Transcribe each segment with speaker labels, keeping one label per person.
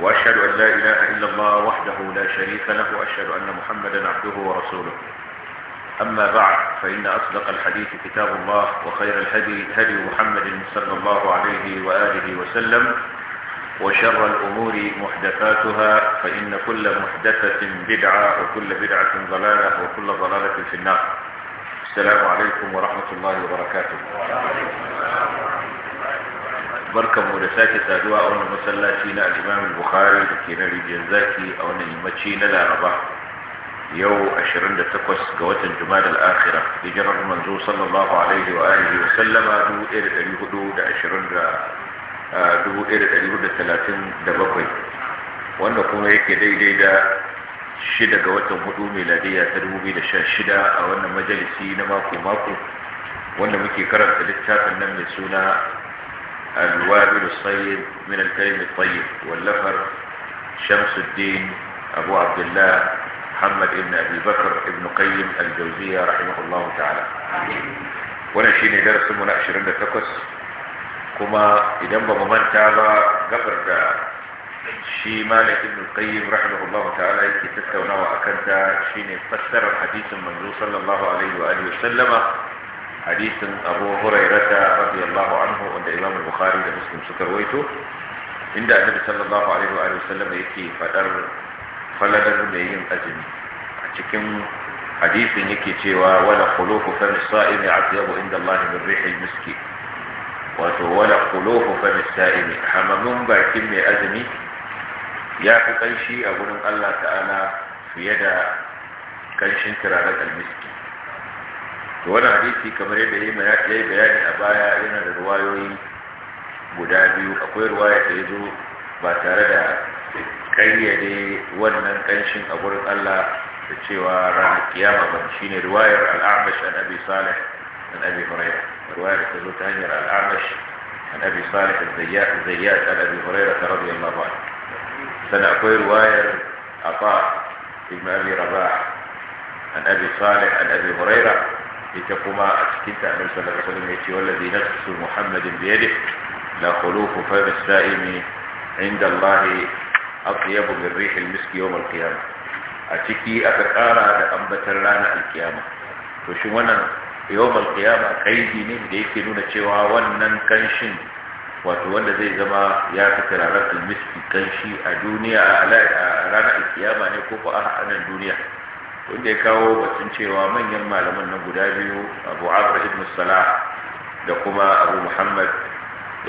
Speaker 1: وأشهد أن لا إله إلا الله وحده لا شريك له وأشهد أن محمدا عبده ورسوله أما بعد فإن أصدق الحديث كتاب الله وخير الهدي هدي محمد صلى الله عليه وآله وسلم وشر الأمور محدثاتها فإن كل محدثة بدعة وكل بدعة ضلالة وكل ضلالة في النار السلام عليكم ورحمة الله وبركاته
Speaker 2: barkanmu da sake
Speaker 1: saduwa a wani masallaci na al'imam bukhari da ke na rijiyar zaki a wani yammaci na laraba yau 28 ga watan juma'a al'akhira hijirar manzo sallallahu alaihi wa alihi wa sallama 1437 ah, wanda kuma yake daidai da shida ga watan hudu miladiya ta 2016 a wannan majalisi na mako-mako wanda muke karanta littafin nan mai suna الوابل الصيد من الكلم الطيب واللفر شمس الدين ابو عبد الله محمد ابن ابي بكر ابن قيم الجوزية رحمه الله تعالى ونشيني درس مناقشه رنده تقص كما اذن بمن تعالى قبر دا شي مالك ابن القيم رحمه الله تعالى يتسكى ونوى اكنتا شيني فسر الحديث المنزول صلى الله عليه وآله وسلم hadisin abu hurairata radiyallahu anhu wanda imam bukhari da muslim suka rawaito inda annabi sallallahu alaihi wa sallam yake fadar faladar mai yin azumi a cikin hadisin yake cewa wala khulufu fam as-sa'imi atyabu inda Allah min rihil miski wato wala khulufu fam as hamamun bakin mai azumi ya fi kanshi a gurin Allah ta'ala fiye da kanshin turaren miski. to wannan hadisi kamar yadda ya yi bayani a baya yana da ruwayoyi guda biyu akwai ruwaya da ya zo ba tare da kayyade wannan kanshin a gurin Allah da cewa ranar kiyama ba ne ruwayar al'amash an abi salih an abi huraira ruwayar ta zo ta hanyar al'amash an abi salih da zayyat an abi huraira ta radiyallahu ba sannan akwai ruwayar عطاء ابن أبي رباح an أبي salih an أبي هريرة ita kuma a cikin ta annabi sallallahu alaihi wasallam yace wallazi nafsu muhammadin bi yadihi la khulufu fa bisaimi inda allah atyabu min rihil miski yawm al-qiyamah a ciki aka kara da ambatar ranar alkiyama to shi wannan yawm al-qiyama kaidi ne da yake nuna cewa wannan kanshin wato wanda zai zama ya fi turaren almiski kanshi a duniya a ranar alkiyama ne ko ko a nan duniya wanda ya kawo batun cewa manyan malaman na guda biyu abu amr ibn salah da kuma abu muhammad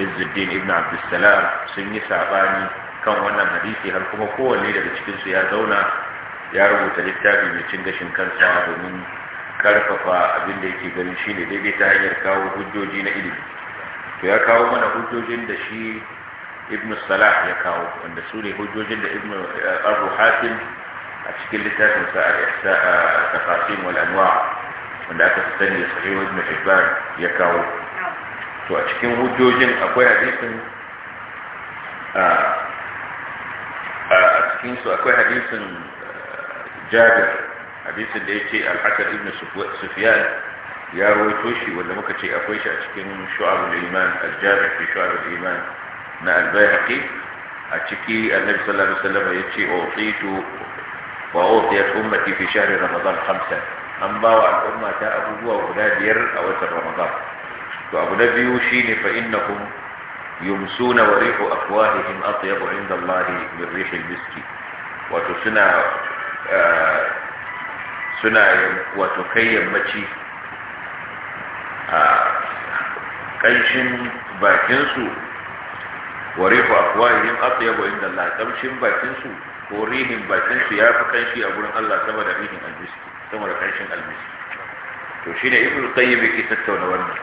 Speaker 1: izzuddin ibn abdussalam sun yi sabani kan wannan hadisi har kuma kowanne daga cikinsu ya zauna ya rubuta littafi mai cin gashin kansa domin karfafa abin da yake ganin shi ne daidai ta hanyar kawo hujjoji na ilimi to ya kawo mana hujjojin da shi ibn salah ya kawo wanda su ne hujjojin da ibn abu hatim a cikin littafin sa al-ihsa wal anwa' wanda aka sani sahih ibn hibban ya kawo to a cikin hujjojin akwai hadisin a cikin su akwai hadisin jabir hadisin da yake al-hasan ibn sufyan ya rawaito shi wanda muka ce akwai shi a cikin shu'abul iman al-jabir fi shu'abul iman na al-bayhaqi a ciki annabi sallallahu alaihi wasallam ya ce utitu wa utiyat ummati fi shahri ramadan khamsan an bawa wa al'umma ta abubuwa guda biyar a watan ramadan to abu na biyu shine fa innakum yumsuna wa rihu afwahihim atyabu inda Allah min rihi miski wato suna eh, suna wato kai yammaci a ah, bakinsu bakinsu Korihin bakinsu bakin su ya fi kanshi a wurin Allah sama da rihin almiski sama da kanshin almiski to shine ibnu qayyim yake tattauna wannan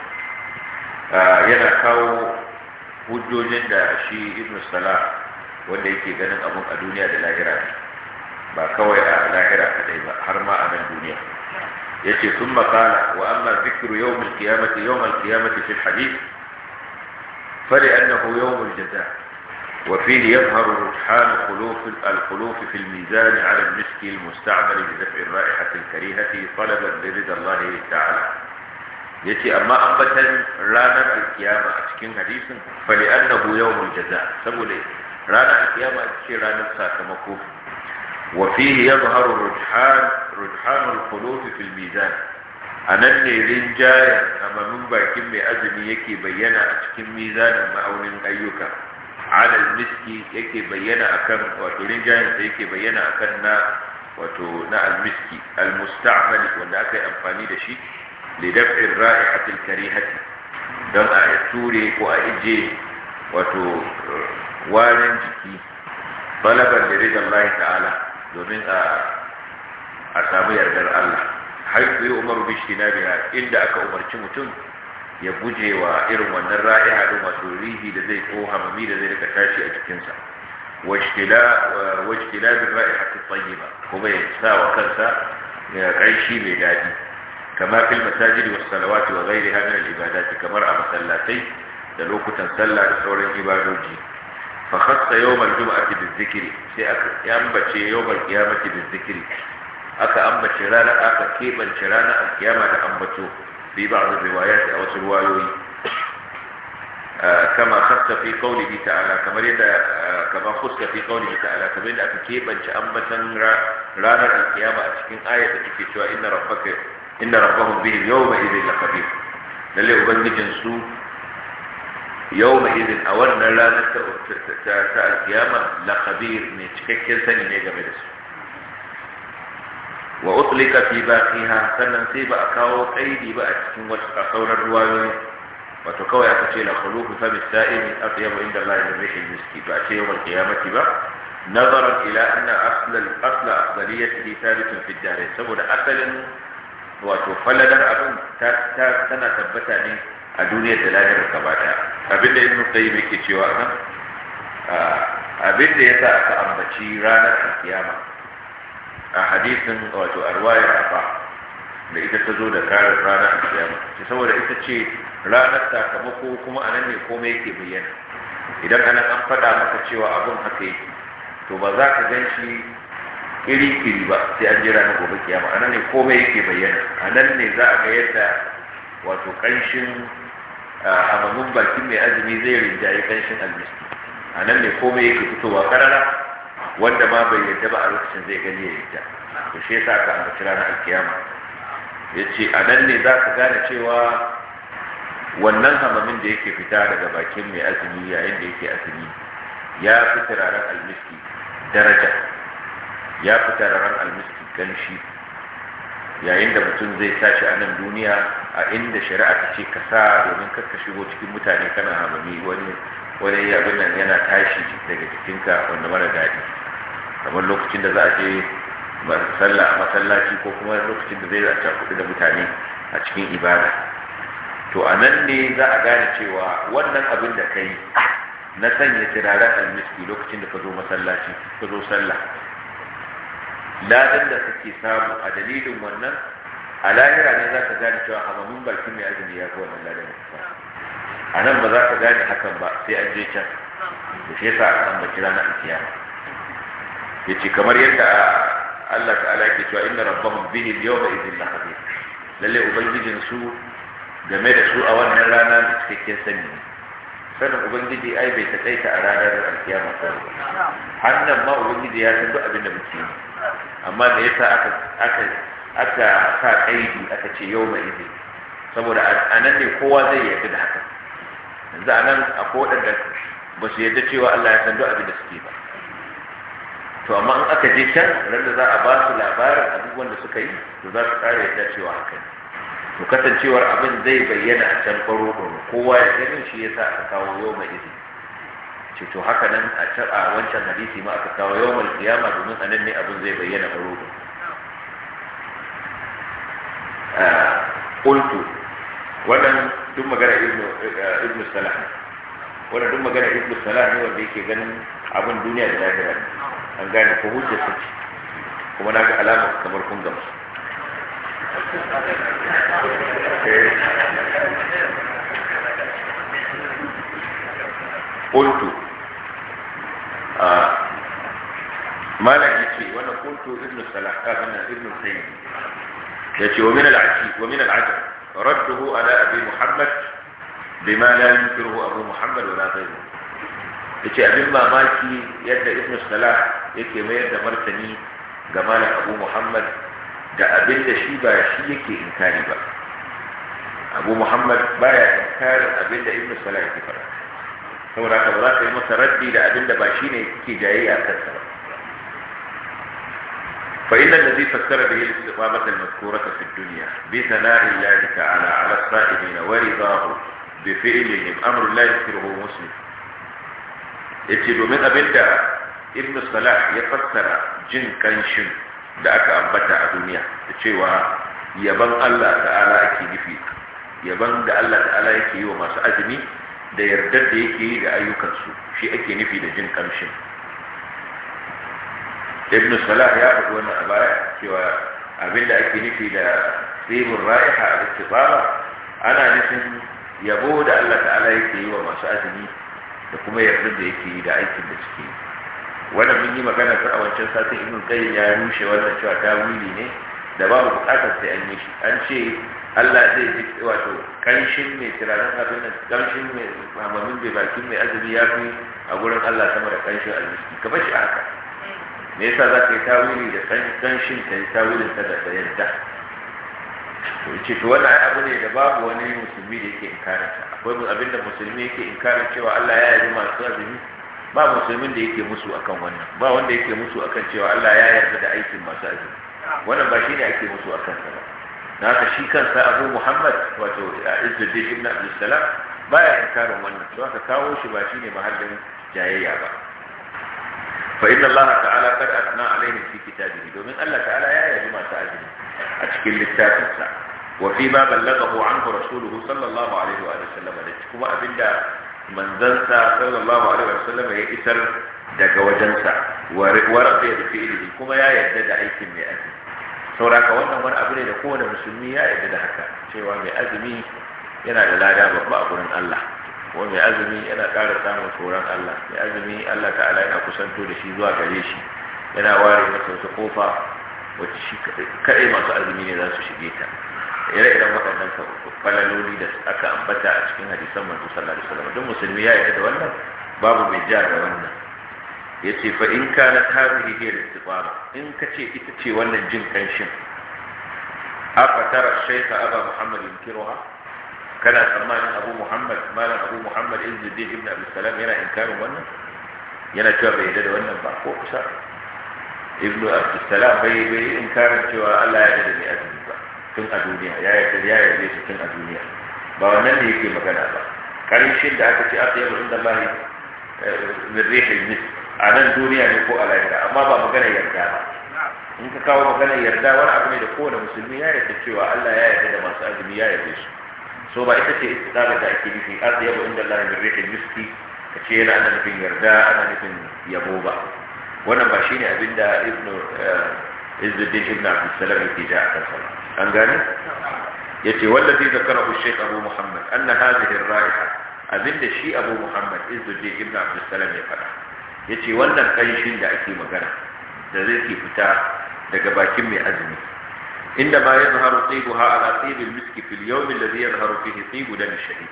Speaker 1: ah, yana kawo hujjojin da shi ibnu salah wanda yake ganin abun a duniya da lahira ne ba kawai a lahira kadai har ma a nan duniya yace sun makala wa amma zikru yawm al فلأنه يوم الجزاء وفيه يظهر رجحان خلوف الخلوف في الميزان على المسك المستعمل لدفع الرائحة الكريهة طلبا لرضا الله تعالى يتي أما أبتا رانا القيامة أتكين حديثا فلأنه يوم الجزاء سبولي رانا القيامة أتكين رانا ساكمكوف وفيه يظهر رجحان رجحان الخلوف في الميزان a nan ne rinjayen amamin bakin mai azumi yake bayyana a cikin mizanin ma'aunin alal miski yake bayyana akan wato rinjayen sa yake bayyana akan na wato na al almusta'mal wanda aka yi amfani da shi li daf'ir ra'ihatil karihati don a ture ko a ije wato warin jiki balaban da ridan Allah ta'ala domin a a samu yardar Allah har yi umaru bishina biya inda aka umarci mutum ya guje wa irin wannan ra'iha din wato rihi da zai ko hamami da zai rika tashi a jikinsa wajtila bin ra'iha ta kuma ya sa wa kansa ya ƙarshi mai daɗi kamar fil masajid wa salawati wa ghairi hadin al ibadati kamar a masallatai da lokutan sallah da sauran ibadoji fa khassa yawm al jum'ati biz sai aka yambace yawm al qiyamati biz aka ambace rana aka kebance rana al qiyama da ambato في بعض الروايات أو الروايوي
Speaker 2: آه، كما خص في قوله تعالى
Speaker 1: كما يدا آه، كما خص في قوله تعالى كما يدا كيف أن أمة رانا القيامة أتكين آية تكي شوى إن ربك إن ربهم بهم يومئذ لخبير للي أبنجن سوء يومئذ أولنا لا نتأل القيامة لخبير من تككل سنين يجمع رسول wa utlika fi baqiha sannan sai ba a kawo kaidi ba a cikin wasu a sauran ruwayoyi wato kawai aka ce la khuluqu fa bisa'il atyabu inda Allah min rihil miski ba ce yawan qiyamati ba nazaran ila anna asl al asl afdaliyatihi thabitun fi darain saboda asalin wato faladar abin tana tabbata ne a duniyar da lahirar gaba daya abinda ibnu qayyim yake cewa nan abinda sa aka ambaci ranar kiyama a hadisin wato arwayar abba da ita ta zo da karar ranar alkiyama ta saboda ita ce ranar sakamako kuma anan ne komai yake bayyana idan anan an faɗa maka cewa abin haka yake to ba za ka gan shi iri-iri ba sai an jira na gobe kiyama anan ne komai yake bayyana anan ne za a ga yadda wato ƙanshin amamin bakin mai azumi zai rinjaye ƙanshin almiski anan ne komai yake fitowa karara wanda ma bai yadda ba a lokacin zai gani ya yadda to shi yasa aka ambaci ranar alkiyama ya ce a nan ne za ka gane cewa wannan hamamin da yake fita daga bakin mai azumi yayin da yake azumi ya fi turaren almiski daraja ya fi turaren almiski ganshi yayin da mutum zai tashi a nan duniya a inda shari'a ta ce ka sa domin kar shigo cikin mutane kana hamami wani wani abin nan yana tashi daga jikinka wanda mara daɗi kamar lokacin da za a je sallah a masallaci ko kuma lokacin da zai a kuɗi da mutane a cikin ibada to a nan ne za a gane cewa wannan abin da ka yi na sanya turaren almiski lokacin da ka zo masallaci ka zo sallah ladan da kake samu a dalilin wannan a lahira ne za ka gane cewa hamamin bakin mai azumi ya fi wannan ladan a nan ba za ka gane hakan ba sai an je can da shi yasa an baki na alkiyama
Speaker 2: yace kamar yadda
Speaker 1: Allah ta'ala yake cewa inna rabbahum bihim yawma idhin lahabir lalle ubangijin su game da su a wannan rana da cikakken sani ne sanin ubangiji ai bai takaita a ranar alkiyama ta hannan ma ubangiji ya san duk abin da muke yi amma da yasa aka aka aka sa kaidi aka ce yau mai izi, saboda a nan ne kowa zai yarda da haka yanzu a nan akwai waɗanda ba su yarda cewa Allah ya san duk abin da suke ba to amma in aka je can nan za a ba su labarin abubuwan da suka yi to za su kare yadda cewa haka ne to kasancewar abin zai bayyana a can ɓaro kowa ya gani shi yasa aka kawo yau mai izini ce to haka nan a a wancan hadisi ma aka kawo yau mai kiyama domin a nan ne abin zai bayyana ɓaro ƙultu ah, wannan duk magana ibnu eh, salah wannan duk magana ibnu salah ne wanda yake ganin abin duniya da lahira ne an gane ko hujja su ce kuma na ga alama kamar kun gamsu قلت آه مالك يكفي وانا قلت ابن السلاح ابن القيم يأتي ومن العجيب ومن العجب رده على أبي محمد بما لا ينكره أبو محمد ولا غيره yace abin mamaki yadda ibn salah yake mayar da martani ga malam abu muhammad da abin da shi ba shi yake inkari ba abu muhammad baya inkarin abin da ibn salah yake fara saboda ka ba za ka yi masa raddi da abin da ba shi ne ke jayayya a kansa ba فإن fi ad-dunya bi المذكورة في ta'ala 'ala الله تعالى wa ridahu bi بفعلهم amru لا يذكره muslim yace domin abinda ibn salah ya fassara jin kanshin da aka ambata a duniya da cewa yaban Allah ta'ala ake nufi yaban da Allah ta'ala yake yi wa masu azumi da yardar da yake yi ga ayyukansu shi ake nufi da jin kamshin ibn salah ya faɗi wannan a baya cewa abinda ake nufi da tsibin ra'iha a ana nufin yabo da Allah ta'ala yake yi wa masu azumi da kuma yarda da yake yi da aikin da ciki. yi wannan mun yi magana ta a wancan satin ibn qayyim ya rushe wannan cewa tawili ne da babu bukatar sai an yi shi an ce Allah zai ji wato kanshin mai turaren abin nan kanshin mai mamamin bai bakin mai azumi ya fi a gurin Allah sama da kanshin almiski kamar shi haka me yasa za ka yi tawili da kanshin ta yi tawilin ta da yadda to ce to wannan ai abu ne da babu wani musulmi da yake inkarin ta akwai abin da musulmi yake inkarin cewa Allah ya yarda masu azumi ba musulmin da yake musu akan wannan ba wanda yake musu akan cewa Allah ya yarda da aikin masu azumi wannan ba shi ne ake musu akan sa ba na haka shi kansa Abu Muhammad wato Izzuddin ibn Abdul Salam baya inkarin wannan to haka kawo shi ba shi ne mahallin jayayya ba fa inna Allah ta'ala qad asna alaihi fi kitabihi domin Allah ta'ala ya yarda masu azumi a cikin littafinsa wa fi ma ballagahu anhu rasuluhu sallallahu alaihi wa sallam da kuma abinda manzansa sallallahu alaihi wa sallam ya isar daga wajensa wa rabbi da fi'ili kuma ya yarda da aikin mai azumi ka wannan wani abu ne da kowane musulmi ya yarda da haka cewa mai azumi yana da lada babba a gurin Allah ko mai azumi yana ƙara samun tsoron Allah mai azumi Allah ta'ala yana kusanto da shi zuwa gare shi yana ware masa wata kofa wacce shi kaɗai masu azumi ne za su shige ta ire-iren waɗannan falaloli da aka ambata a cikin hadisan manzo sallallahu alaihi wasallam duk musulmi ya yarda da wannan babu mai ja da wannan yace fa in kana hadhihi hiya al-istiqama in kace ita ce wannan jin kanshin afa tara shaykha aba muhammad yunkiruha kana tsammanin abu muhammad malam abu muhammad izzuddin ibn abi salam yana inkarin wannan yana cewa bai yarda da wannan ba ko kusa ibn abdussalam bai bai inkarin cewa Allah ya yarda mai azumi ba tun a duniya ya yarda ya yarda shi tun a duniya ba wannan ne yake magana ba karshen da aka ce tsaye da Allah eh, ne rihi mis a nan duniya ne ko a lahira amma ba magana yarda ba in ka kawo magana yarda wani abu ne da kowane musulmi ya yarda cewa Allah ya yarda da masu azumi ya yarda su so ba ita ce istiqama da ake nufi tsaye da Allah ne rihi miski ce yana ana nufin yarda ana nufin yabo ba wannan ba shine abin da ibnu eh, izzuddin ibn abd salam yake ji a kansa an gane Ya ce zai wallazi zakarahu shek abu muhammad anna hadhihi ar-ra'iha abinda shi abu muhammad izzuddin ibn abd salam ya faɗa Ya ce wannan kanshin da ake magana da zai ke fita daga bakin mai azumi inda ma yazharu tibuha ala tibil miski fil yawm alladhi yazharu fihi tibu da shahid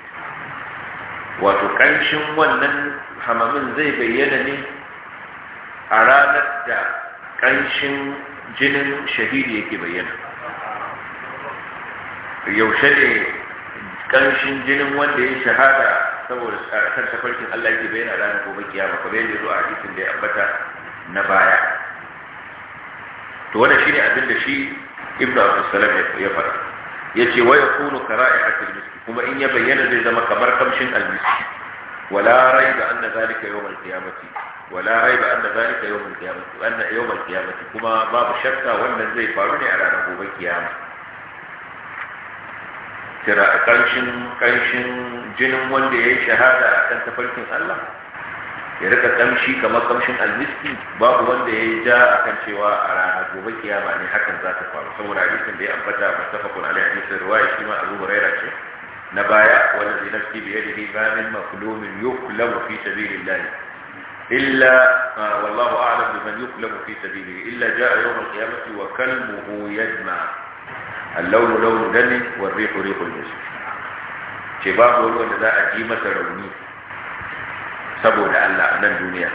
Speaker 1: wato kanshin wannan hamamin zai bayyana ne a ranar da ƙanshin jinin shahidi yake bayyana
Speaker 2: yaushe ne
Speaker 1: ƙanshin jinin wanda ya shahada saboda kan tafarkin Allah yake bayyana ranar gobe kiyama kamar yadda zuwa hadisin da ya ambata na baya to wannan shine abin da shi ibnu ya salam ya fara yace wa yakunu a miski kuma in ya bayyana zai zama kamar kamshin almiski wala da raiba anna zalika yawm alqiyamati wala raiba anna zalika yawmul qiyamati anna yawmul qiyamati kuma babu shakka wannan zai faru ne a ranar gobe kiyama kanshin jinin wanda yayi shahada akan tafarkin Allah ya rika kamshi kamar kamshin almiski babu wanda ya ja akan cewa a ranar gobe kiyama ne hakan za ta faru saboda hadisin da ya ambata mustafakun alaihi hadisin ruwaya shi ma Abu Hurairah ce na baya wanda zai nafsi biyadihi ma إلا والله أعلم بمن يقلم في سبيله إلا جاء يوم القيامة وكلمه يجمع اللون لون دم والريح ريح المسك شباب ولون أن أجيمة روني سبو لألا أن الدنيا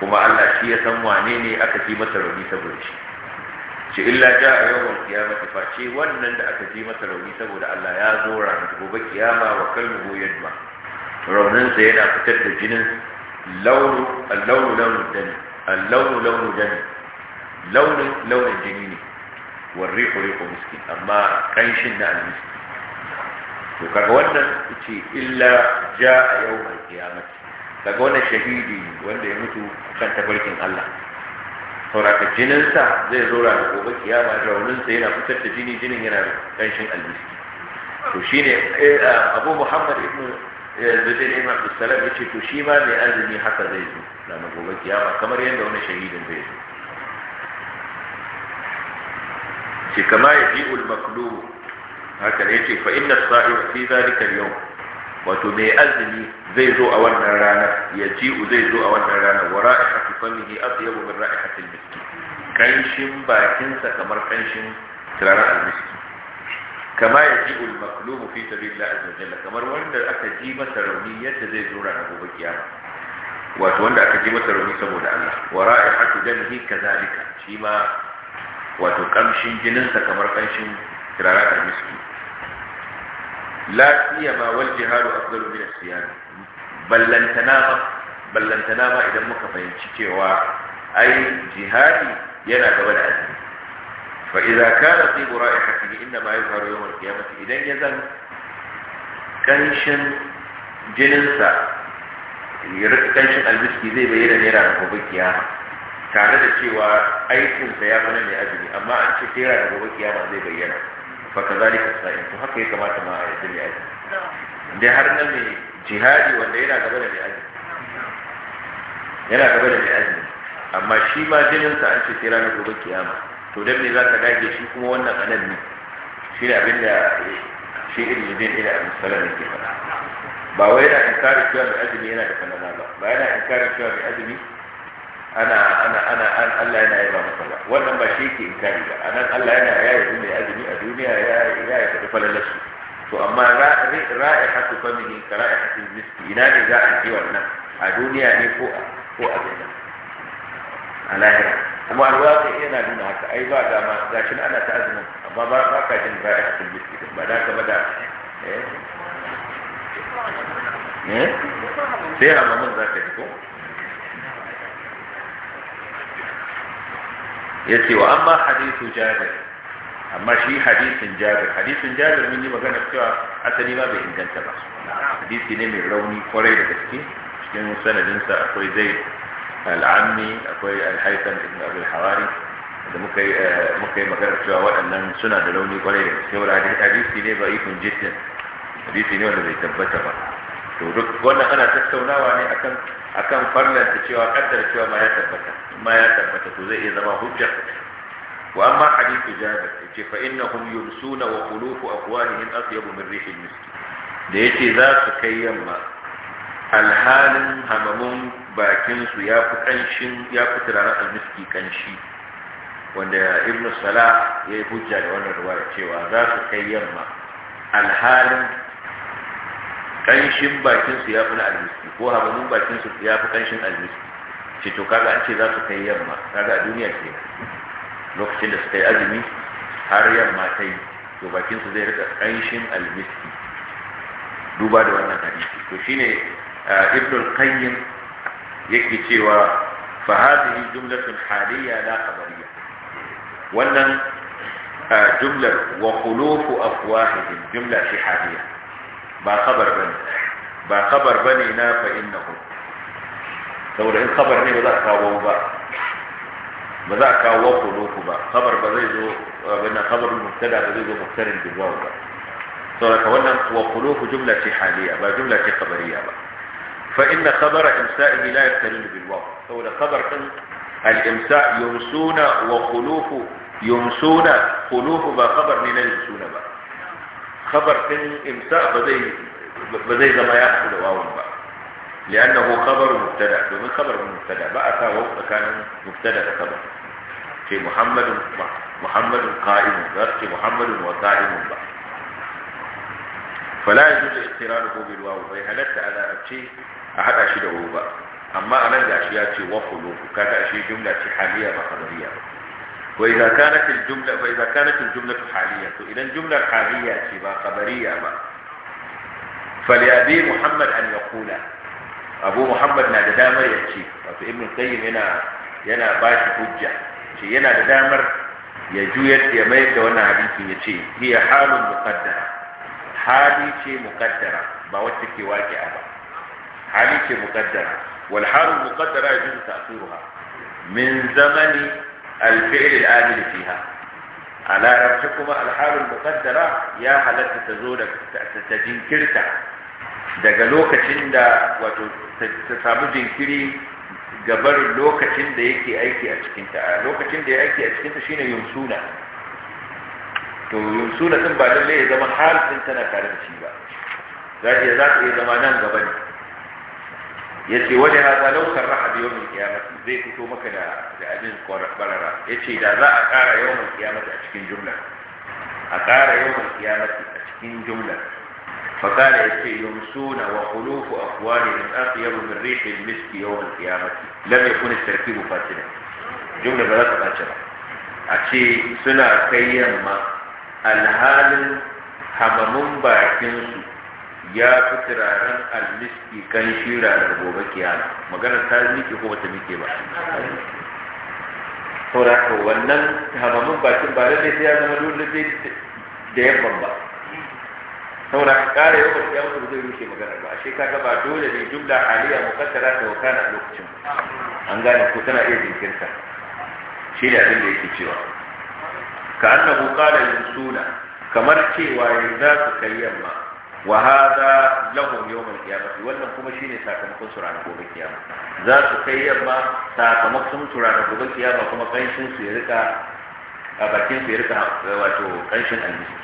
Speaker 1: كما ألا شيء سمو عنيني روني سبو لشي إلا جاء يوم القيامة فأشي ونن أكتيمة روني سبو لألا يا زورا نتبو بكيامة وكلمه يجمع روننس يدع فتد جننس launu launu launu launin launin launin jini ne warri kure ko miskin amma kanshin na almiskin
Speaker 2: to kaga wannan
Speaker 1: ce illa jaa yawmal qiyamah kaga wannan shahidi wanda ya mutu kan tabarkin Allah sauraka jininsa zai zo ranar gobe kiyama rauninsa yana fitar da jini jinin yana kanshin almiski to shine eh, abu yanzu da ne mafi salam ya ce to shi ma mai azumi haka zai zo na gobe kiyama kamar yadda wani shahidin zai zo ce kama ya ji ulmaklu haka ne ce fa inna sa'ir fi zalika yau wato mai azumi zai zo a wannan ranar ya ji zai zo a wannan ranar wa ra'ihatu fannihi atyabu min ra'ihatil miski kanshin bakinsa kamar kanshin turaren almiski kama ya ji ulmaklumu fi sabilillah azza jalla kamar wanda aka ji masa rauni yadda zai zura ranar gobe kiyama wato wanda aka ji masa rauni saboda Allah wa ra'ihatu damihi kadhalika shi ma wato kamshin jininsa kamar kamshin kiraratar miski la siyama wal jihadu afdalu min as-siyam ballantana ma ballantana ma idan muka fahimci cewa ai jihadi yana gaba da azumi fa idza kana tibu ra'ihatihi inna ma yuzharu yawm al-qiyamah idan ya zan kanshin jininsa ya rika kanshin albiski zai bayyana ne ranar gobe kiyama tare da cewa aikinsa ya fi na mai azumi amma an ce sai ranar gobe kiyama zai bayyana fa kazalika sa'in to haka ya kamata ma a yadda mai
Speaker 2: azumi
Speaker 1: dai har na mai jihadi wanda yana gaba da mai amma shi ma jininsa an ce gobe kiyama to dan me zaka dage shi kuma wannan anan ne shi ne abin da shi ibn din ila abin salam yake faɗa ba wai yana inkari cewa mai azumi yana da falala ba ba yana inkari cewa mai azumi ana ana ana an Allah yana yaba masa ba wannan ba shi yake inkari ba anan Allah yana ya yi mai azumi a duniya ya ya yi faɗi falalarsu to amma ra'ihatu famihi ka ra'ihatu miski ina ne za a ji wannan a duniya ne ko a ko a lahira kuma alwaƙi yana nuna haka ai ba dama ga shi ana ta azumin amma ba ba ka jin baya a cikin biski ba da ka ba da eh sai ramadan za ka ji ko ya ce wa amma hadisu jabir amma shi hadisin jabir hadisin jabir mun yi magana cewa asali ma bai inganta ba hadisi ne mai rauni kwarai da gaske cikin sanadinsa akwai zai al'ammi akwai alhaitan ibn abul hawari da eh, muka yi magana cewa waɗannan suna da launi kwarai da gaske wala hadisi ne ba ikun jittin hadisi ne wanda bai tabbata ba to duk wannan ana tattaunawa ne akan akan farlan ta cewa kaddar cewa ma ya tabbata ma ya tabbata to zai iya zama hujja wa amma hadithu jabir yace fa innahum yumsuna wa qulufu aqwalihim atyabu min rihi al-misk da yace za su kai yamma alhalin hamamun bakinsu ya fi ƙanshin ya fi turaren almiski ƙanshi wanda ibn Sala ya yi hujja da wannan ruwa cewa za su kai yamma alhalin ƙanshin bakinsu ya fi na almiski ko hamadin bakinsu ya fi ƙanshin almiski ce to kaga an ce za su kai yamma kaga a duniya ke lokacin da suka yi azumi har yamma ta yi to bakinsu zai rika ƙanshin almiski duba da wannan hadisi to shine uh, ibn qayyim yake cewa fa hadhihi jumlatun haliya la khabariyya wannan jumlar wa khulufu afwahihim jumla fi haliya ba khabar bane ba khabar bane na fa innahu saboda in khabar ne ba za a kawo ba ba za a kawo khulufu ba khabar ba zai zo wannan khabar mubtada ba zai zo mubtarin da ba saboda wannan wa khulufu jumla shi haliya ba jumla shi khabariya ba فإن خبر إمسائه لا يقترن بالواو هو خبر الإمساء يمسون وخلوف يمسون خلوف با خبر من يمسون با خبر إمساء بدي بدي زما يأخذ واو با لأنه خبر مبتدأ ومن خبر مبتدأ بقى وقت كان مبتدأ خبر في محمد محمد قائم في محمد وقائم با فلا يجوز اقترانه بالواو فهلت على أبشي a haɗa shi da wuri amma anan gashi ya ce wa khuluqu kaga shi jumla ce haliya ba khabariya ba wa idza kanat al jumla fa idza kanat al jumla haliya to idan jumlar haliya ce ba khabariya ba fali abi muhammad an yaqula abu muhammad na da damar ya ce wato ibn qayyim yana yana ba shi hujja ce yana da damar ya juyar ya mayar da wannan hadisin ya ce hiya halun muqaddara hali ce muqaddara ba wacce ke waƙi'a ba hali ce muqaddara wal haru muqaddara yajuzu ta'khiruha min zamani al fi'l al amil fiha a larabci kuma alharun haru ya halatta ta zo da jinkirta daga lokacin da wato ta samu jinkiri gabar lokacin da yake aiki a cikinta lokacin da ya aiki a cikinta shine yumsuna to yumsuna din ba lalle ya zama halin tana tare da shi ba za ta iya zama nan gaba ne
Speaker 2: yace wajen hada
Speaker 1: laukar raha da yawon kiyamata zai fito maka da da abin barara yace da za a ƙara yawon kiyamata a cikin jumla a ƙara yawon kiyamata a cikin jumla فقال يتي يمسون وخلوف أقوالهم أطيب من ريح المسك يوم القيامة لم يكن التركيب فاسدا جملة بلاك باشرة أشي سنة كيما الهال حمم باكنسو ya fi turaren almiski kan shi ranar gobe kiyama maganar ta miki ko bata miki ba sauraka wannan hamamin bakin ba da sai ya zama dole da yamma ba sauraka kare yau ya mutu ba zai rushe maganar ba ashe kaga ba dole ne jumla aliya mukaddara ta wakana a lokacin an gane ko tana iya jinkirta shi ne abin da yake cewa ka annabu qala suna. kamar cewa yanzu za su kai yamma wa hadha lahum yawm qiyamah wannan kuma shine sakamakon su ranar gobe kiyama za su kai yamma sakamakon su ranar gobe kiyama kuma kanshin su ya rika a bakin su ya rika eh, wato kanshin almiski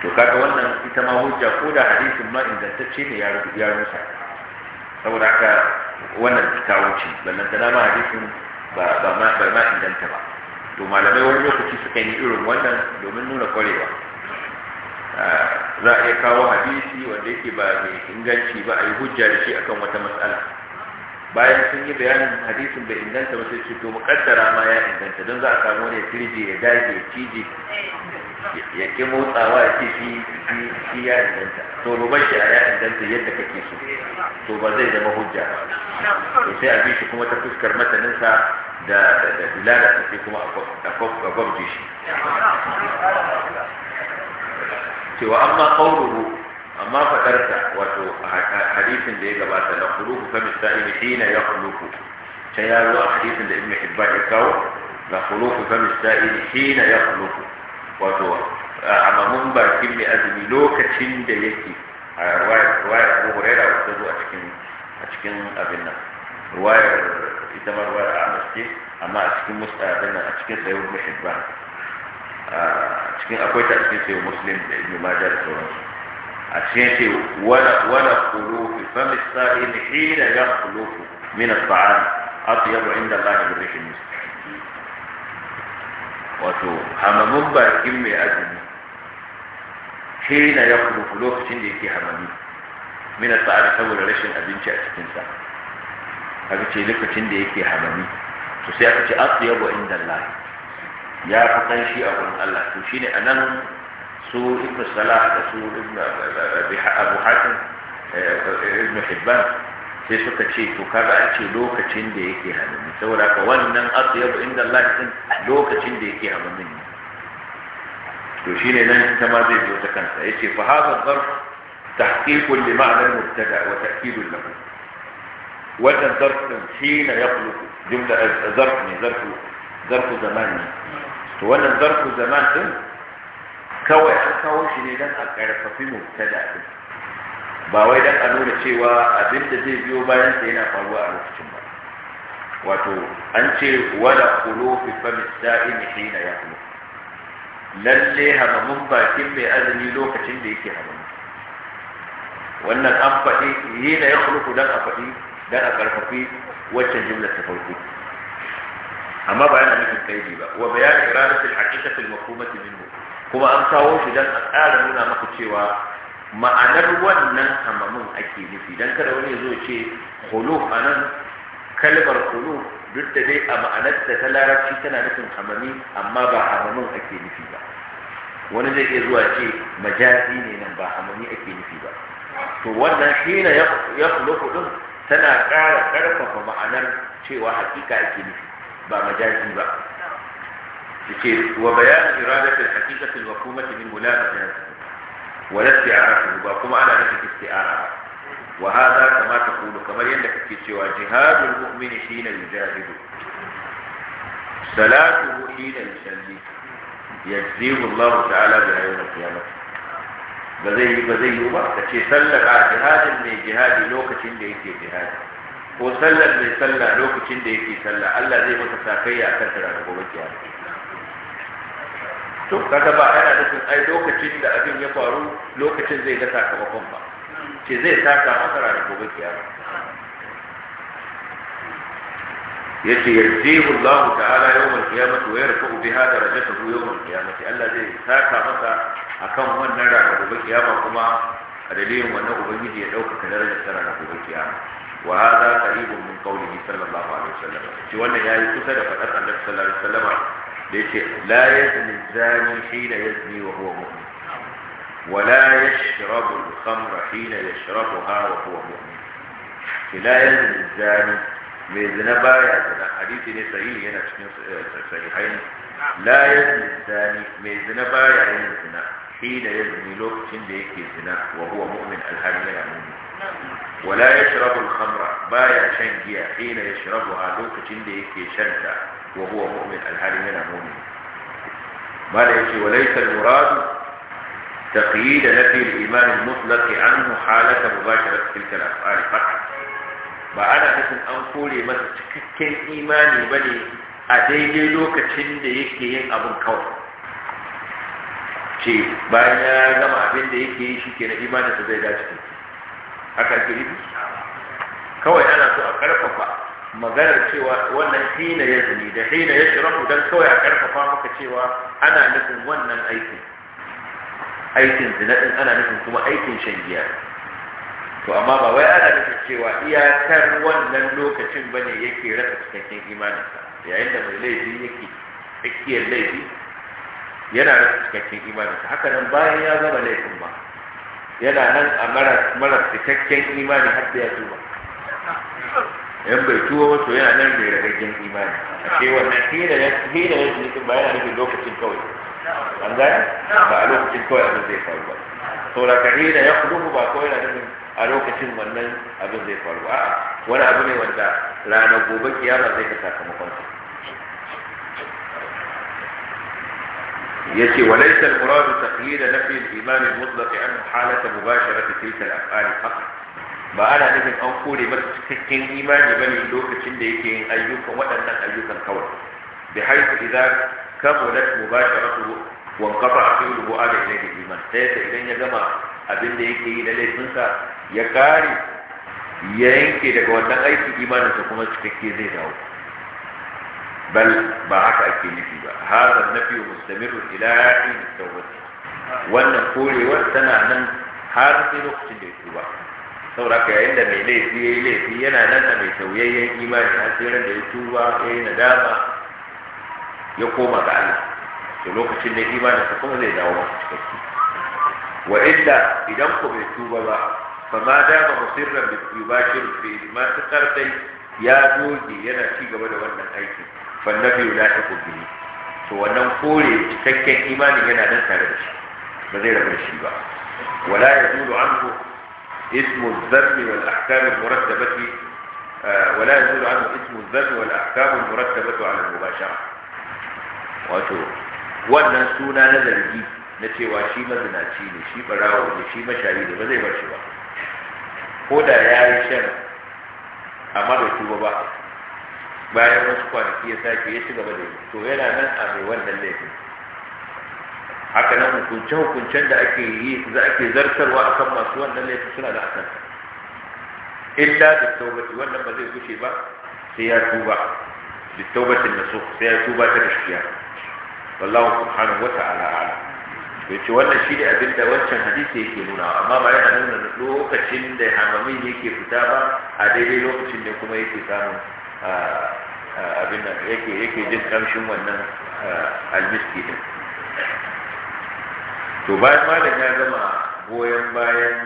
Speaker 1: to kaga wannan ita ma hujja ko da hadisin ma ingantacce ne ya rubuta ya rusa saboda haka wannan ta wuce ballan da nama hadisin ba ma inganta ba to malamai wani lokaci su yi irin wannan domin nuna kwarewa za a iya kawo hadisi wanda yake ba mai inganci ba a yi hujja da shi akan wata matsala bayan sun yi bayanin hadisin bai inganta ba sai to mukaddara ma ya inganta don za a samu wani firje ya dage ya cije ya ke motsawa ya ce shi ya inganta to ruban shi a ya inganta yadda kake so to ba zai zama hujja ba sai a bi shi kuma ta fuskar masaninsa da da da sai kuma a gwabje shi cewa amma qawluhu amma fadarsa wato hadisin da ya gabata la khuluqu fa misaili hina yakhluqu ta ya zo a hadisin da ibnu hibban ya kawo la khuluqu fa misaili hina yakhluqu wato amamun bakin mai azumi lokacin da yake a ruwayar abu huraira wata zo a cikin a cikin abin nan ruwayar ita ma ruwayar anas ce amma a cikin musta abin nan a cikin sayyid ibnu hibban ah, cikin akwai ta cikin sayo muslim da ibn majah da sauransu a cikin ce wala wala fi fami misail hina ya khulufu min at-ta'am atyabu inda Allah bi rihim wato hamamun bakin mai azumi hina ya khulufu lokacin da yake hamami min at-ta'am saboda rashin abinci a cikin sa kaga ce lokacin da yake hamami to sai aka ce atyabu inda Allah ya fi kan shi a wurin Allah to shine anan su ibn salah da su ibn abu hatim ibn hibban sai suka ce to kaga an ce lokacin da yake hamami saboda ka wannan atyabu inda Allah din lokacin da yake hamamin ne to shine nan ta ma zai zo ta kansa yace fa hada zarf li ma'na تحقيق لمعنى المبتدا وتاكيد له وده ظرف حين jumla zarf ظرف zarf zarf zamani to wannan zarfu zaman din kawai an kawo shi ne don a ƙarfafi mubtada din ba wai don a nuna cewa abin da zai biyo bayan sa yana faruwa a lokacin ba wato an ce wala kulo fi famis da'imi hina ya kuma. lalle hamamun bakin mai azumi lokacin da yake hamamun wannan an faɗi na ya kulo don a faɗi don a ƙarfafi waccan jumlar ta farko amma ba yana nufin kaidi ba wa bayan iradatul haqiqatul mafhumati minhu kuma an kawo shi dan a tsara nuna maka cewa ma'anar wannan hamamin ake nufi dan kada wani ya zo ce khuluf anan kalmar khuluf duk da dai a ma'anar da ta larabci tana nufin hamami amma ba hamamin ake nufi ba wani zai iya zuwa ce majazi ne nan ba hamami ake nufi ba to wannan hina ya khulufu din tana ƙara ƙarfafa ma'anar cewa hakika ake nufi ba majazi ba yace wa bayan iradat al-haqiqa fil hukumat min mulabata wa la isti'arah ba kuma ana nufin isti'arah wa hada kama taqulu kamar yanda kake cewa jihadul mu'mini shine yujahid salatu hina yusalli yajzihu Allah ta'ala bi yawm al-qiyamah ba zai yi ba zai yi ba kace sallaka jihadin ne jihadi lokacin da yake jihadi ko sallar mai sallah lokacin da yake sallah Allah zai masa sakayya akan ta ranar gobe kiyama
Speaker 2: to kaga ba yana nufin ai lokacin da abin ya faru
Speaker 1: lokacin zai ga sakamakon ba
Speaker 2: ce zai saka masara
Speaker 1: da gobe kiyama
Speaker 2: yace yarjihu
Speaker 1: Allah ta'ala yawmal qiyamati wa yarfa'u biha darajatahu yawmal qiyamati Allah zai saka masa akan wannan ranar gobe kiyama kuma a dalilin wannan ubangiji ya dauka darajar sa ranar gobe kiyama وهذا قريب من قوله صلى الله عليه وسلم شوانا يا يكسى لفتر النبي صلى الله عليه وسلم ليش لا يزني الزاني حين يزني وهو مؤمن ولا يشرب الخمر حين يشربها وهو مؤمن لا يزني الزاني من حديث نسائي هنا صحيحين لا يزني الزاني من ذنبا يعني الزنا حين يزني لوك تنبيك الزنا وهو مؤمن الهامية مؤمن ولا يشرب الخمر بايع شنجيا حين يشربها لوك تندي في شنجا وهو مؤمن الهالي من مؤمن بل يجي وليس المراد تقييد نفي الإيمان المطلق عنه حالة مباشرة تلك الأفعال فقط بأنا حسن أنقولي ما تكتن إيماني بني أديني لوك تندي في أبو الكون شيء بايع لما أبين دي في شكرا إيمانة زي ذاتك haka ake yi kawai ana so a karfafa maganar cewa wannan hina ya zuni da hina ya shirafu don kawai a karfafa maka cewa ana nufin wannan aikin aikin zinaɗin ana nufin kuma aikin shan giya to amma ba wai ana nufin cewa iyakar wannan lokacin bane yake rasa cikakken imaninsa yayin da mai laifi yake tsakiyar laifi yana rasa cikakken imaninsa haka nan bayan ya zama laifin ba yana nan a mara cikakken imani har da ya tuba yan bai tuwo wato yana nan mai ragaggen imani a ce wannan hira ya hira ya ce ba yana nufin lokacin kawai
Speaker 2: an gani? ba a lokacin
Speaker 1: kawai abin zai faru ba saboda ka hira ya kudu ba kawai yana nufin a lokacin wannan abin zai faru a'a wani abu ne wanda ranar gobe kiyama zai ka sakamakon sa yace walaysa al-murad taqlid nafi al-iman al-mutlaq anhu halata mubasharati tilka al-af'al faqat ba ana nufin an kore masa cikakken imani bane lokacin da yake yin ayyukan waɗannan ayyukan kawai bi haythu idza kamulat mubasharatuhu wa qata fi'luhu ala ilayhi al-iman sai da idan ya zama abin da yake yi da laifinsa ya kare ya yanke daga wannan aiki ta kuma cikakke zai dawo بل بعث الكنفي هذا النفي مستمر إلى التوبة ونقول وسنا من هذا في وقت الكتب سورة كأن ميلي في إلي في ينا لنا ميتوي إيمان أسيرا لتوبة إينا داما يقوم بعلي سلوك شن إيمان سقوم لي داوما وإلا إذا قم يتوبة فما دام مصرا يباشر في إدمان سقرتي يا جوزي ينا شيء قبل أن أيتي fannabi la taqul bihi to wannan kore cikakken imanin yana nan tare da shi ba zai rabu da shi ba wala yazulu anhu ismu dhanbi wal ahkam al murattabati wala yazulu anhu ismu dhanbi wal ahkam al murattabati ala al mubashara wato wannan suna na zargi na cewa shi mazinaci ne shi barawo ne shi mashayi ne ba zai bar shi ba ko da ya yi shan amma bai tuba ba bayan wasu kwanaki ya sake ya ci gaba da yi to yana nan a mai wannan laifin haka nan hukunce hukuncen da ake yi za ake zartarwa a kan masu wannan laifin suna da akan illa da taubati wannan ba zai gushe ba sai ya tuba da taubatin da so sai ya tuba ta gaskiya wallahu subhanahu wa ta'ala ala ya ce wannan shi ne abin da wancan hadisi yake nuna amma ba yana nuna lokacin da hamamin yake fita ba a daidai lokacin da kuma yake samun abin yake yake jin kamshin wannan almiski din to bayan malam ya gama goyon bayan